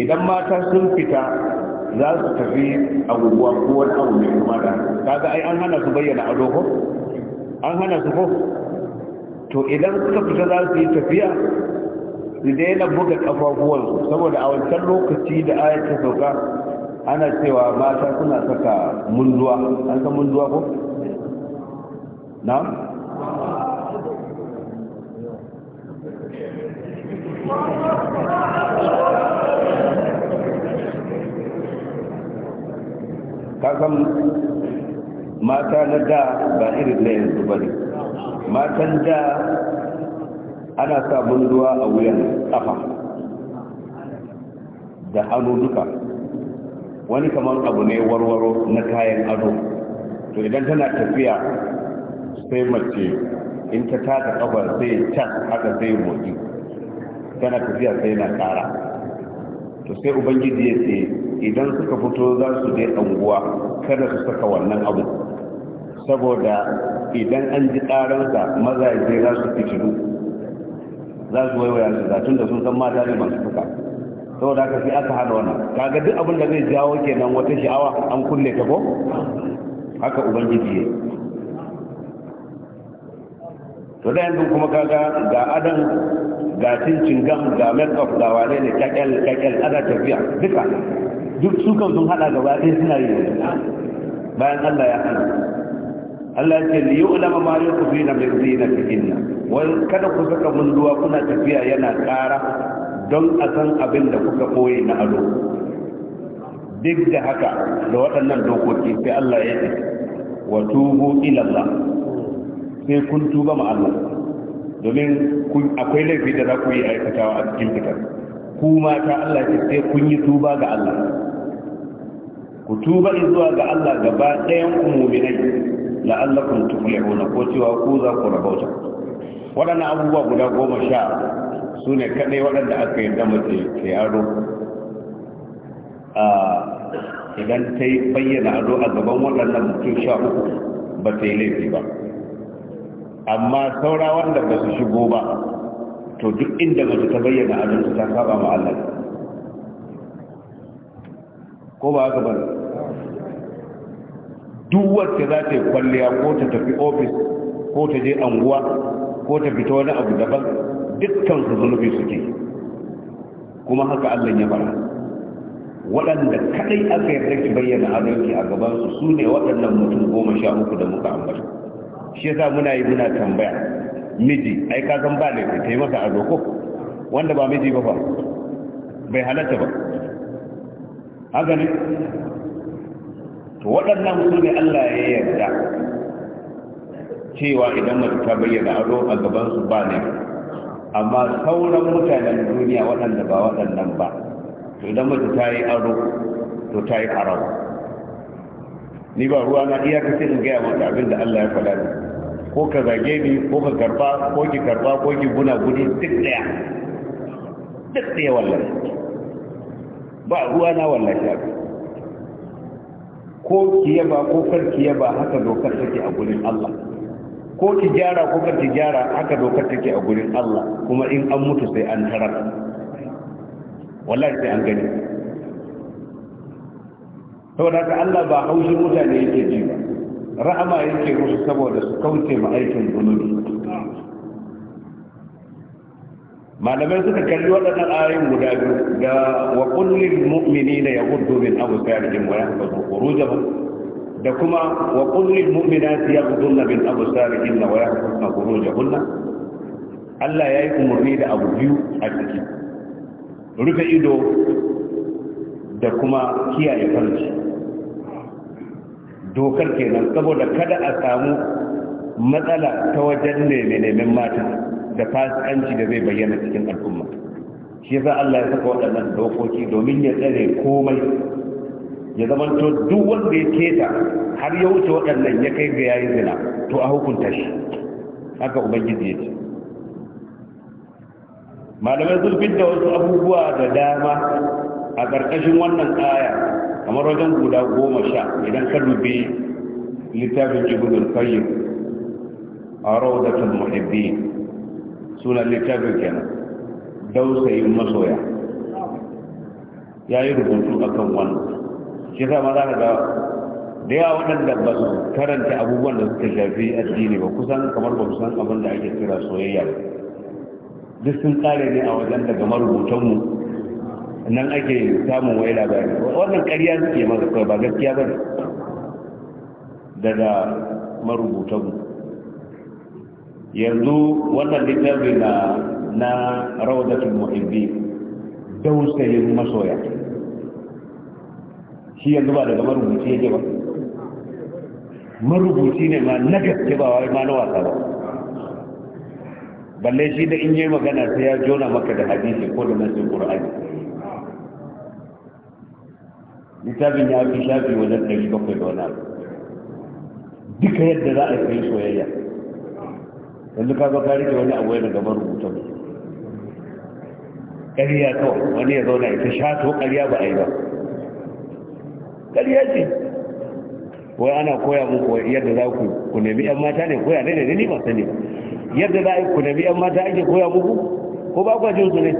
idan mata sun fita za su tafi abubuwa ko wani abu mai kuma da kaga ai an hana su bayyana ado ko an hana su ko to idan suka fita za su yi tafiya su daina buga su saboda a wancan lokaci da ayat ta sauka ana cewa mata suna saka munduwa an san munduwa ko na kan mata na da ba irin na yanzu ba ne matan da ana sa ruwa a wuyan kafa da hannu duka wani kamar abu ne warwaro na kayan ado to idan tana tafiya sai mace in ta taka kafa sai can haka sai motsi tana tafiya sai na kara to sai ubangiji ya ce idan suka fito za su je anguwa kada su saka wannan abu saboda idan an ji ƙaransa mazaje za su fitilu za su waiwaya su tun da sun san mata ne masu fuka saboda haka sai aka hada wannan kaga duk abin da zai jawo kenan wata sha'awa an kulle ta ko haka ubangiji ya to da yanzu kuma kaga ga adam ga cincin gam ga makeup ga wane ne kakel kakel ana tafiya duka duk su kan sun hada gaba ɗaya suna yi bayan Allah ya hana Allah ya ce li yu'lama ma yukhfina min zinatina wal kada ku saka munduwa kuna tafiya yana ƙara don a san abin da kuka koyi na ado duk da haka da waɗannan dokoki sai Allah ya ce wa tubu ila Allah sai kun tuba ma Allah domin akwai laifi da za ku yi aikatawa a cikin fitar ku mata Allah ce sai kun yi tuba ga Allah ku tuba zuwa ga Allah gaba ɗayan ku mu'minai la'allakum hona ko cewa ku za ku rabauta waɗannan abubuwa guda goma sha su ne kaɗai waɗanda aka yi da mace ke yaro, idan ta yi bayyana ado a gaban waɗannan mutum sha uku ba ta yi laifi ba amma saura wanda ba su shigo ba to duk inda mace ta bayyana su ta saba ma Allah ko ba haka ba duk wacce za ta yi kwalliya ko ta tafi ofis ko ta je anguwa ko ta fita wani abu daban dukkan su zunubi suke kuma haka Allah ya bara waɗanda kadai aka yarda ki bayyana adalci a gaban su su ne waɗannan mutum goma sha uku da muka ambata shi yasa muna yi muna tambaya miji ai ka san ba ne yi masa azo ko wanda ba miji ba fa bai halatta ba haka ne to waɗannan su ne Allah ya yarda cewa idan mace ta bayyana azo a gaban su ba ne amma sauran mutanen duniya waɗanda ba waɗannan ba to idan mace ta yi aro to ta yi harawa ni ba ruwa na iya kace in gaya maka abin da Allah ya faɗa ni ko ka zage ni ko ka karba ko ki karba ko ki guna gudi duk daya duk daya wallahi ba ruwa na wallahi abin ko ki yaba ko kar ki yaba haka dokar take a gurin Allah ko ki gyara ko kar ki gyara haka dokar take a gurin Allah kuma in an mutu sai an tarar wallahi sai an gani saboda ka Allah ba haushin mutane yake ji ba rahama yake musu saboda su kauce ma aikin zunubi malamai suka kalli waɗannan ayoyin guda biyu da wa kullil mu'minina yaghuddu min absarihim wa yahfazu furujahum da kuma wa kullil mu'minati yaghudduna min absarihim wa yahfazna furujahunna Allah ya yi umarni da abu biyu a ciki rufe ido da kuma kiyaye farji dokar kenan saboda kada a samu matsala ta wajen neme-nemen mata da fasikanci da zai bayyana cikin al'umma shi yasa Allah ya saka waɗannan dokoki domin ya tsare komai ya zama to duk wanda ya keta har ya wuce waɗannan ya kai ga yayi zina to a hukunta shi haka ubangiji ya ce malamai sun da wasu abubuwa da dama a ƙarƙashin wannan aya kamar wajen guda goma sha idan ka dubi littafin ibn qayyim a rawdatul muhibbin sunan littafin kenan dausayin masoya Ya yi rubutu akan wani shi sa za ka ga da yawa waɗanda ba su karanta abubuwan da suka shafi addini ba kusan kamar ba san abin da ake kira soyayya ba duk sun tsare ne a wajen daga marubutanmu nan ake samun wai labari wannan ƙarya suke masu kawai ba gaskiya ba ne daga marubutanmu yanzu wannan littafi na na rawadatul muhibbi dausayin masoya shi yanzu ba daga marubuci yake ba marubuci ne ma na gaske ba wai ma na wasa ba balle shi da in yi magana sai ya jona maka da hadisi ko da nasin qur'ani littafin ya fi shafi wajen ɗari bakwai da wani duka yadda za a kai soyayya yanzu ka ka rike wani abu yana gaban rubuta mu ƙariya kawai wani ya zauna ita sha to ba a yi ba ƙariya ce wai ana koya muku yadda za ku ku nemi yan mata ne koya ne ne ni ba sani ba yadda za ku nemi yan mata ake koya muku ko ba ku jin su ne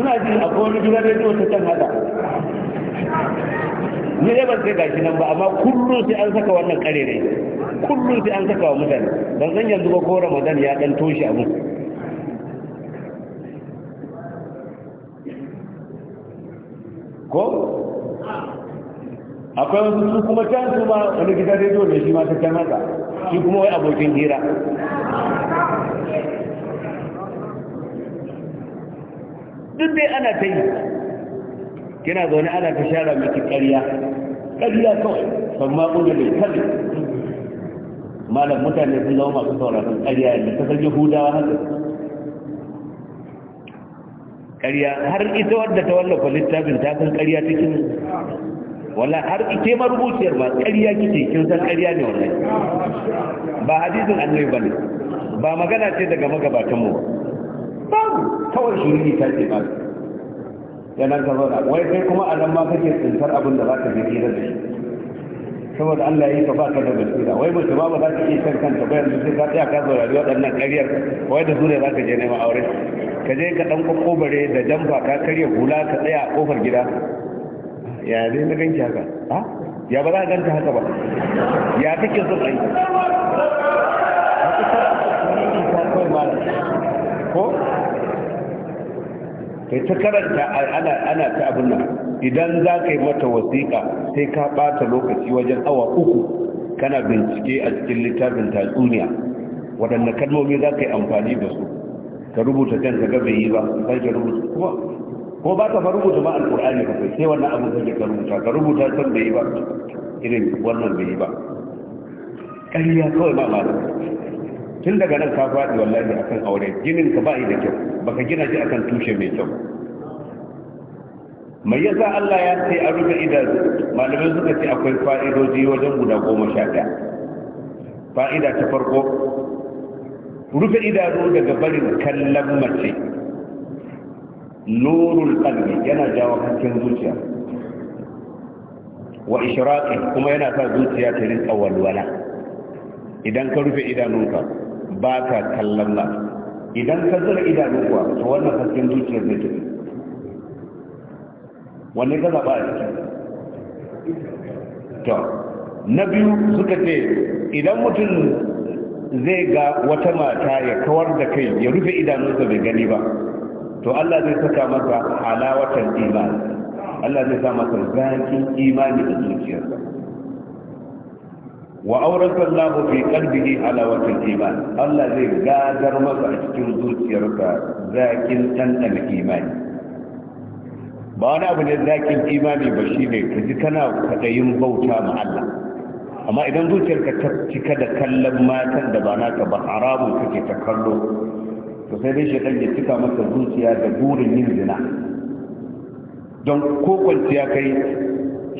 suna jin akwai wani juna da ta can hada ni ne ban sai gashi nan ba amma kullum sai an saka wannan kare ne kullum sai an saka wa mutane ban san yanzu ba ko ramadan ya dan toshi abu. ko akwai wasu su kuma can su ma wani gida dai dole shi ma ta can haka shi kuma wai abokin hira duk dai ana ta yi kina zaune ana ka shara miki ƙarya ƙarya kawai san ma kuma bai kalli malam mutane sun zama masu sauraron ƙarya yadda ta sarki hudawa haka ƙarya har ita wadda ta wallafa littafin ta san ƙarya cikin wala har ike marubuciyar ba ƙarya kike kin san ƙarya ne wallahi ba hadisin annabi bane ba magana ce daga magabatanmu ba Kawai kawai shuri ta ce ba da nan ka zauna wai kai kuma a nan ma kake tsintar abin da za ka je hira da shi saboda Allah ya yi ka baka da basira wai mace ma ba za ta iya shan kanta ba yanzu sai ka tsaya ka saurari waɗannan ƙaryar wai da su za ka je neman aure ka je ka ɗan kokobare da jamba ka karya hula ka tsaya a ƙofar gida ya zai na ganki haka ha ya ba za ka ganta haka ba ya kake son kai ko kai ta karanta ana ana ta abin nan idan za ka yi mata wasiƙa sai ka ɓata lokaci wajen awa uku kana bincike a cikin littafin tatsuniya waɗanne kalmomi za ka yi amfani da su ka rubuta can ka gabe yi ba sai ka rubuta kuma ko ba ka fa rubuta ba alƙur'ani ka sai wannan abu sai ka rubuta ka rubuta san bai yi ba irin wannan bai yi ba ƙarya kawai ba ma tun daga nan ka faɗi wallahi akan aure ginin ka ba da kyau baka gina shi akan tushe mai kyau mai yasa Allah ya ce a rufe idanu malamai suka ce akwai fa'idoji wajen guda goma sha ɗaya fa'ida ta farko rufe idanu daga barin kallon mace nurul qalbi yana jawo hasken zuciya wa ishraqi kuma yana sa zuciya ta rinka walwala idan ka rufe idanunka ba ka kallon nan idan ka zira idanun kuwa to wannan hasken zuciyar zai tafi Wani ka zaɓa a ciki to na biyu suka ce idan mutum zai ga wata mata ya kawar da kai ya rufe idanunsa bai gani ba to Allah zai saka masa halawatan imani Allah zai sa masa zakin imani a zuciyarsa wa aurata Allah fi qalbihi halawatul iman Allah zai gadar maka a cikin zuciyarka zakin tantan imani ba wani abu ne zakin imani ba ne, ka ji kana kadayin bauta ma Allah amma idan zuciyarka ta cika da kallon matan da ba naka ba haramun kake ta kallo to sai dai shekan ya cika maka zuciya da burin yin zina don ko kwanciya kai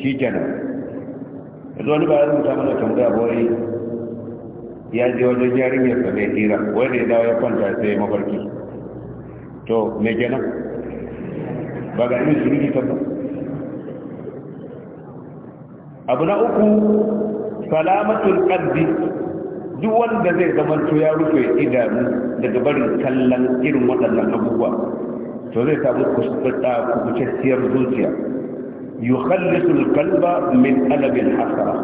shi kenan yanzu wani ba ya rubuta mana tambaya ba ya je wajen yarin sa mai hira wanda ya dawo ya kwanta sai mafarki to me gina ba ga irin shirin ita ba abu na uku salamatul kalbi duk wanda zai zama to ya rufe idanu daga barin kallon irin waɗannan abubuwa to zai samu kusurta kubucacciyar zuciya yukhallisul qalba min alabil hasara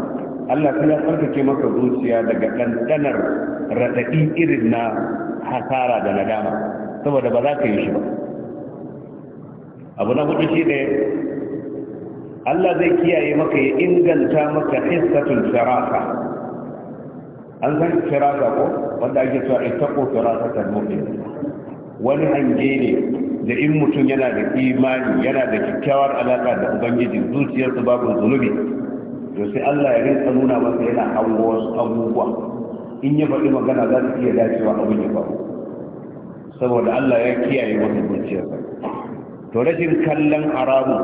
Allah sai ya tsarkake maka zuciya daga ɗanɗanar raɗaɗi irin na hasara da nadama saboda ba za ka yi shi ba abu na hudu ne Allah zai kiyaye maka ya inganta maka hissatul firasa an san firasa ko wanda ake cewa ittaqu firasatan wani hange ne da in mutum yana da imani yana da kyakkyawar alaka da ubangiji zuciyarsa babu zulubi to sai Allah ya rinka nuna masa yana hango wasu abubuwa in ya faɗi magana za su iya dacewa abin ya faru saboda Allah ya kiyaye masa zuciyarsa to rashin kallon haramu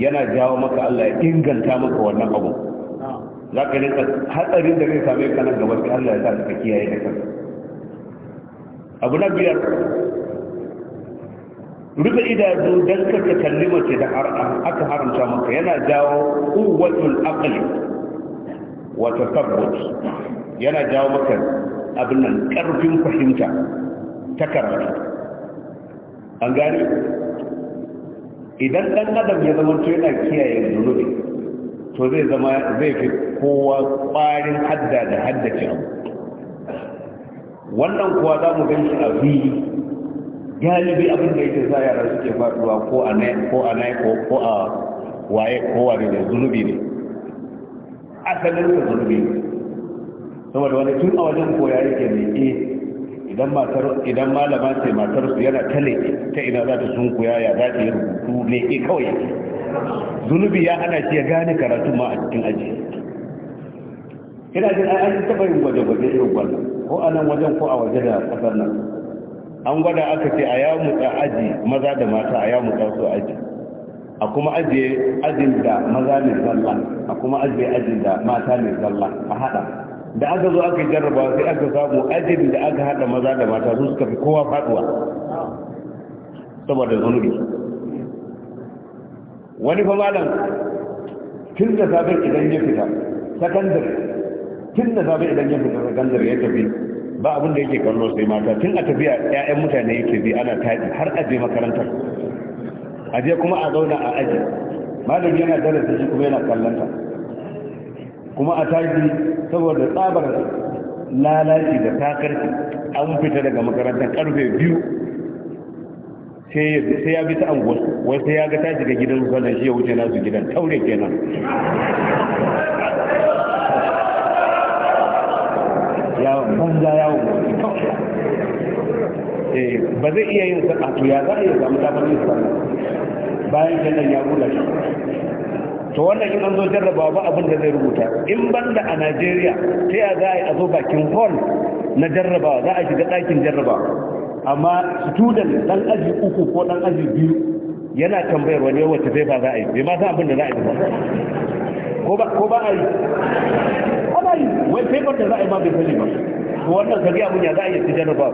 yana jawo maka Allah ya inganta maka wannan abu za ka rinka hatsarin da zai same ka nan gaba sai Allah ya sa ka kiyaye da kanka abu na biyar rufe idanu don kaka kalli mace da aka haramta maka yana jawo kuwatul aqli wa tasabbut yana jawo maka abin nan karfin fahimta ta karatu an gani idan dan adam ya zama to yana kiyaye zunubi to zai zama zai fi kowa kwarin hadda da haddace abu wannan kuwa za mu gan shi a fili galibi abin da yake sa yara suke faduwa ko a nai ko a nai ko ko a waye ko wani da zunubi ne asalin da zunubi ne saboda wani tun a wajen koya yake ne eh idan matar idan malama ce matar su yana tale ta ina za ta sun koya ya za ta yi rubutu ne eh kawai zunubi ya ana shi ya gane karatu ma a cikin aji ina jin an taɓa yin gwaje-gwaje irin wannan ko a nan wajen ko a waje da ƙasar nan an gwada aka ce a ya mutsa aji maza da mata a ya mutsa su aji a kuma ajiye ajin da maza ne zalla a kuma ajiye ajin da mata ne zalla a hada da aka zo aka jarraba sai aka samu ajin da aka hada maza da mata su suka fi kowa faduwa saboda zunubi wani fa malam tun da sabon idan ya fita sakandare tun da sabon idan ya fita sakandare ya tafi ba abin da yake kallo sai mata tun a tafiya ƴaƴan mutane yake bi ana taɗi har aje makarantar aje kuma a zauna a aji malami yana darasa shi kuma yana kallanta kuma a tashi saboda tsabar lalaci da takarci an fita daga makarantar karfe biyu sai ya bi ta anguwarsu wai sai ya ga taji ga gidan sannan shi ya wuce nasu gidan taure kenan yawon banza yawon eh, ba zai iya yin sana'a to ya za a iya samu damar yin sana'a bayan jannan ya gula shi to wannan in an zo jarrabawa ba abin da zai rubuta in banda a najeriya ta ya za a yi a zo bakin hall na jarrabawa za a shiga ɗakin jarrabawa amma student dan aji uku ko dan aji biyu yana tambayar wani wacce tafai ba za a yi bai ma san abin da za a yi ba ko ba a yi ba yi wai paper da za a yi ma bai sani ba wannan ka gaya mun ya za a yi su jarraba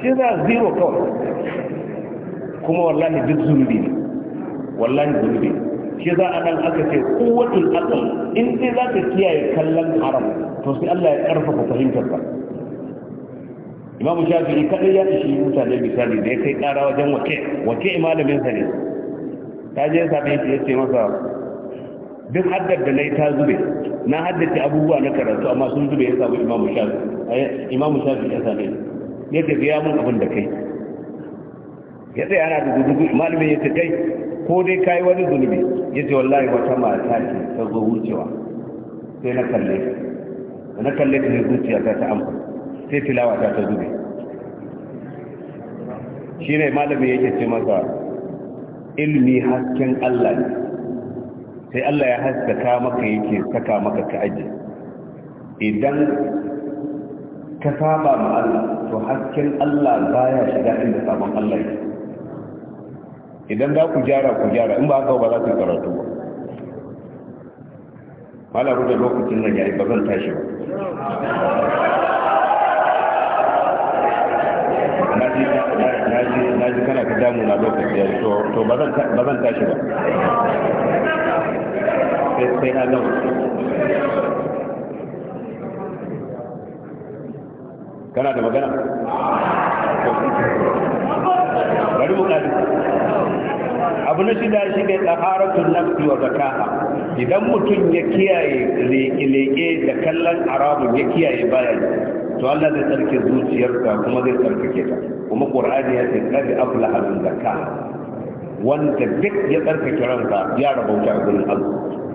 shi za zero kawai kuma wallahi duk zunubi ne wallahi zunubi shi za a nan aka ce kowatin akal in sai za ka kiyaye kallon haram to sai Allah ya karfafa fahimtar ka imam shafi'i kadai ya ishi mutane misali da ya kai kara wajen wake wake malamin sa ne ta je sa ne ya ce masa duk haddar da na yi ta zube na haddace abubuwa na karatu amma sun zube ya samu imamu shafi eh, imamu shafi ya same ya ce ya mun abin da kai ya tsaye ana da gudugu malamin ya ce kai ko dai ka yi wani zunubi ya ce wallahi wata mata ce ta zo wucewa sai na kalle da na kalle ta ne zuciya ta ta amfa sai filawa ta ta zube shi ne malamin ya ce masa ilmi hasken allah ne sai Allah ya haskaka maka yake saka maka ka aji idan ka saba ma Allah to hakkin Allah baya shiga inda saban Allah yake idan da ku jara ku jara, in ba haka ba za ku karatu ba mala da lokacin nan yayi ba zan tashi ba na ji kana ka damu na lokaci yayi to ba zan tashi ba sai na gama kana da magana bari mu kadi abu na shida shi ne tsaharatun nafsi wa zakaha idan mutum ya kiyaye leƙe-leƙe da kallon arabun ya kiyaye bayan to Allah zai tsarki zuciyarka kuma zai tsarkake ta kuma qur'ani ya ce qad aflaha man zakaha wanda duk ya tsarkake ranka ya rabauta a gurin Allah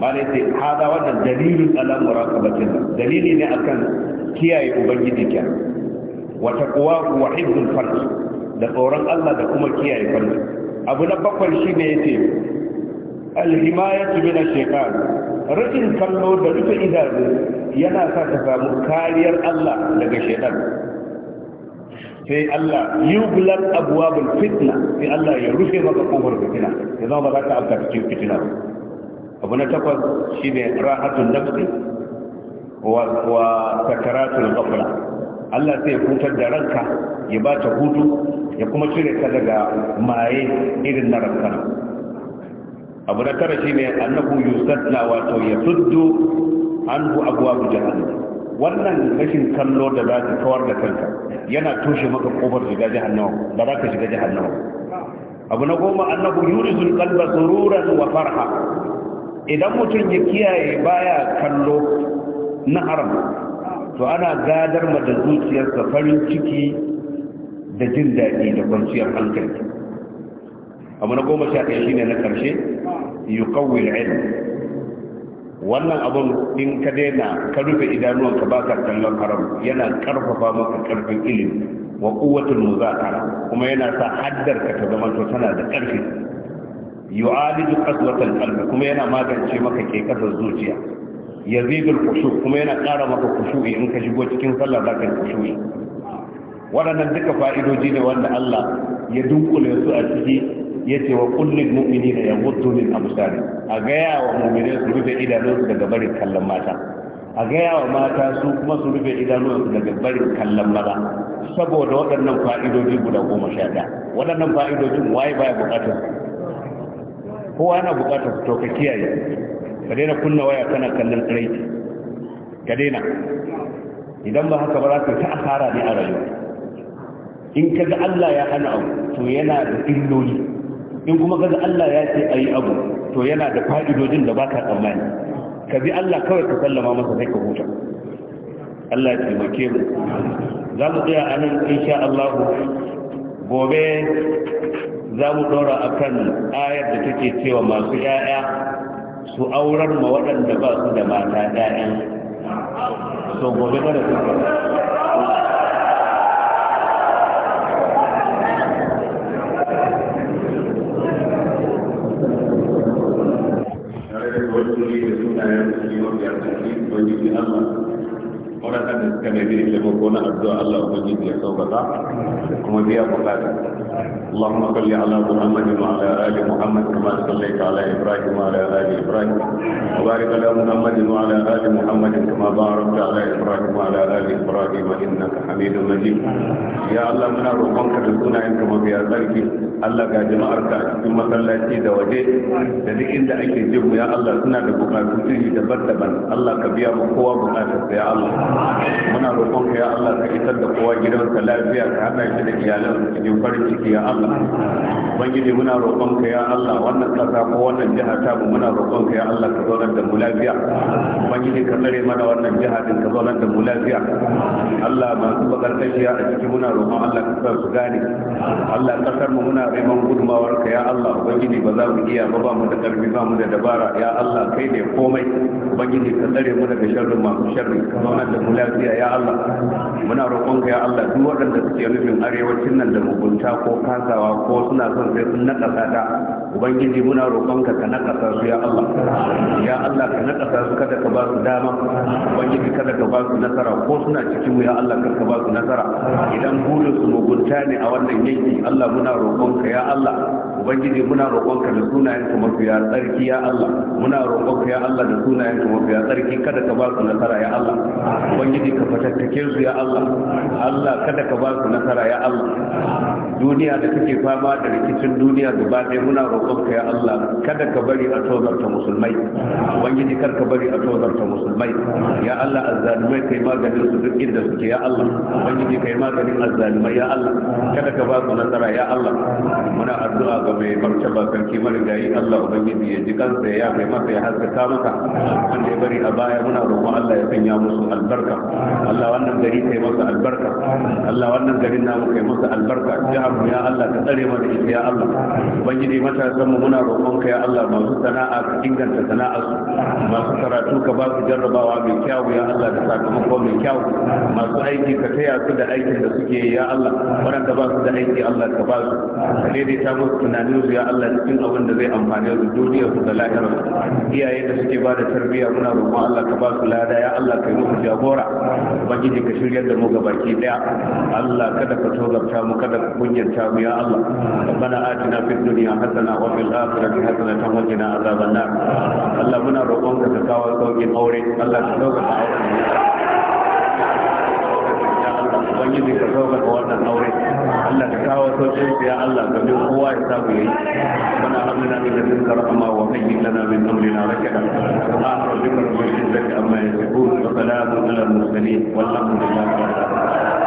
malai sai hada wannan dalilin alam muraqabatin dalili ne akan kiyaye ubangiji kya wa taqwa wa hifdul farj da tsoron Allah da kuma kiyaye farj abu na bakwai shine yace alhimayatu min ash-shaytan rikin kallo da rufe idanu yana sa ka samu kariyar Allah daga shaytan sai Allah yughlaq abwabul fitna sai Allah ya rufe maka kofar fitna, ya zama ba za ka afka cikin fitna ba abu na takwas shi ne rahatun nafsi wa sakaratul ghafla Allah sai ya hutar da ranka ya ba ta hutu ya kuma cire ka daga maye irin na ranka abu na tara shi ne shine annahu na wato ya tuddu anhu abwabu jahannam wannan rashin kallo da za ka kawar da kanka yana toshe maka kofar shiga jahannama da za ka shiga jahannama abu na goma annahu yurisul qalba sururan wa farha idan mutum ya kiyaye baya kallo na haram to ana gadar ma da zuciyarsa farin ciki da jin daɗi da kwanciyar hankali abu na goma sha ɗaya shine na ƙarshe yi kawil ilm wannan abun in ka daina ka rufe idanuwan ka baka kallon haram yana karfafa maka karfin ilimi wa kuwatul muzakara kuma yana sa haddar ka ta zama to tana da ƙarfi yu'alidu qaswatal qalbi kuma yana magance maka ke kasar zuciya yazidul khushu kuma yana ƙara maka khushu'i in ka shigo cikin sallah zaka yi khushu'i waɗannan duka fa'idoji ne wanda Allah ya dunkule su a ciki yace wa kullil mu'minina yaghuddu min absarihim a gaya wa mu'minai su rufe idanunsu daga barin kallon mata a gaya wa mata su kuma su rufe su daga barin kallon maza saboda waɗannan fa'idoji guda goma sha ɗaya waɗannan fa'idojin waye baya buƙatar kowa yana bukatar to ka kiyaye ka daina kunna waya kana kallon tsiraiti ka daina idan ba haka ba za ka ta asara ne a rayuwa in ka ga Allah ya hana abu to yana da illoli in kuma ka ga Allah ya ce a yi abu to yana da fa'idodin da ba ka tsammani ka bi Allah kawai ka sallama masa sai ka huta Allah ya taimake mu za mu tsaya a nan sha Allah gobe za mu ɗora a kan ayar da take cewa masu ‘ya'ya su aurar ma waɗanda ba su da mata ‘ya'yan so gobe mara suka Thank you. waɗanda da suka nemi ilimin ko na addu'a Allah ubangiji ya sauƙaƙa kuma biya bukata اللهم صل على محمد وعلى ال محمد كما صليت على ابراهيم وعلى ال ابراهيم وبارك على محمد وعلى ال محمد كما باركت على ابراهيم وعلى ال ابراهيم انك حميد مجيد يا الله منا روحك رسولنا انت mafiya tsarki Allah ga jama'ar ka cikin masallaci da waje da duk inda ake jin ya Allah suna da bukatu iri daban-daban Allah ka biya mu kowa bukatar ya Allah muna roƙon ka ya Allah ka isar da kowa gidansa lafiya ka hada shi da iyalan cikin farin ciki ya Allah ubangiji muna roƙon ka ya Allah wannan ƙasa ko wannan jiha ta mu muna roƙon ka ya Allah ka zaunar da mu lafiya ubangiji ka tsare mana wannan jiha din ka zaunar da mu lafiya Allah masu bakar kashiya a ciki muna roƙon Allah ka sa su gane Allah ƙasar mu muna neman gudumawar ka ya Allah ubangiji ba za mu iya ba ba mu da ƙarfi ba mu da dabara ya Allah kai ne komai ubangiji ka tsare mu daga sharrin masu sharri ka zaunar da da mu lafiya ya Allah muna roƙonka ya Allah duk waɗanda suke nufin arewacin nan da mugunta ko kasawa ko suna son sai sun nakasa ta ubangiji muna roƙonka ka nakasa su ya Allah ya Allah ka nakasa su kada ka ba su dama ubangiji kada ka ba su nasara ko suna cikin mu ya Allah kada ka ba su nasara idan burin su mugunta ne a wannan yanki Allah muna roƙonka ya Allah ubangiji muna roƙonka da sunayen ka mafiya tsarki ya Allah muna roƙonka ya Allah da sunayen ka mafiya tsarki kada ka ba su nasara ya Allah ubangiji ka fatattake su ya Allah Allah kada ka ba su nasara ya Allah duniya da kake fama da rikicin duniya gaba ɗaya muna roƙonka ya Allah kada ka bari a tozarta musulmai ubangiji kar ka bari a tozarta musulmai ya Allah azzalumai kai maganin su duk inda suke ya Allah ubangiji kai maganin azzalumai ya Allah kada ka ba su nasara ya Allah muna addu'a ga mai martaba sarki marigayi Allah ubangiji ya ji kansa ya kai masa ya haskaka maka wanda ya bari a baya muna roƙon Allah ya sanya musu albarka Allah wannan gari kai masa albarka Allah wannan garin namu kai masa albarka jihar mu ya Allah ka tsare mana ita ya Allah ubangiji matasan mu muna roƙon ka ya Allah masu sana'a ka inganta sana'a su masu karatu ka ba su jarrabawa mai kyau ya Allah da sakamako mai kyau masu aiki ka taya su da aikin da suke ya Allah waɗanda ba su da aiki Allah ka ba su ka daidaita musu tunanin nufi ya Allah cikin abin da zai amfane su duniya su da lahira. iyaye da suke ba da tarbiyya muna roƙon Allah ka ba su lada ya Allah ka yi musu jagora ubangiji ka shiryar da mu gabaki daya Allah kada ka tozarta mu kada ka kunyanta mu ya Allah rabbana atina fid dunya hasana wa fil akhirati hasana wa qina azaban nar Allah muna roƙon ka ka kawo sauƙin aure Allah ka sauƙaƙa auren ubangiji ka sauƙaƙa wannan aure Allah ka kawo sauƙin ya Allah ka bin kowa ya samu yayi mana hamdana min ladin karama wa hayyin lana min amrina rakada akhra dhikra min izzati amma yasifun wa salamun ala al-mursalin walhamdulillahi rabbil alamin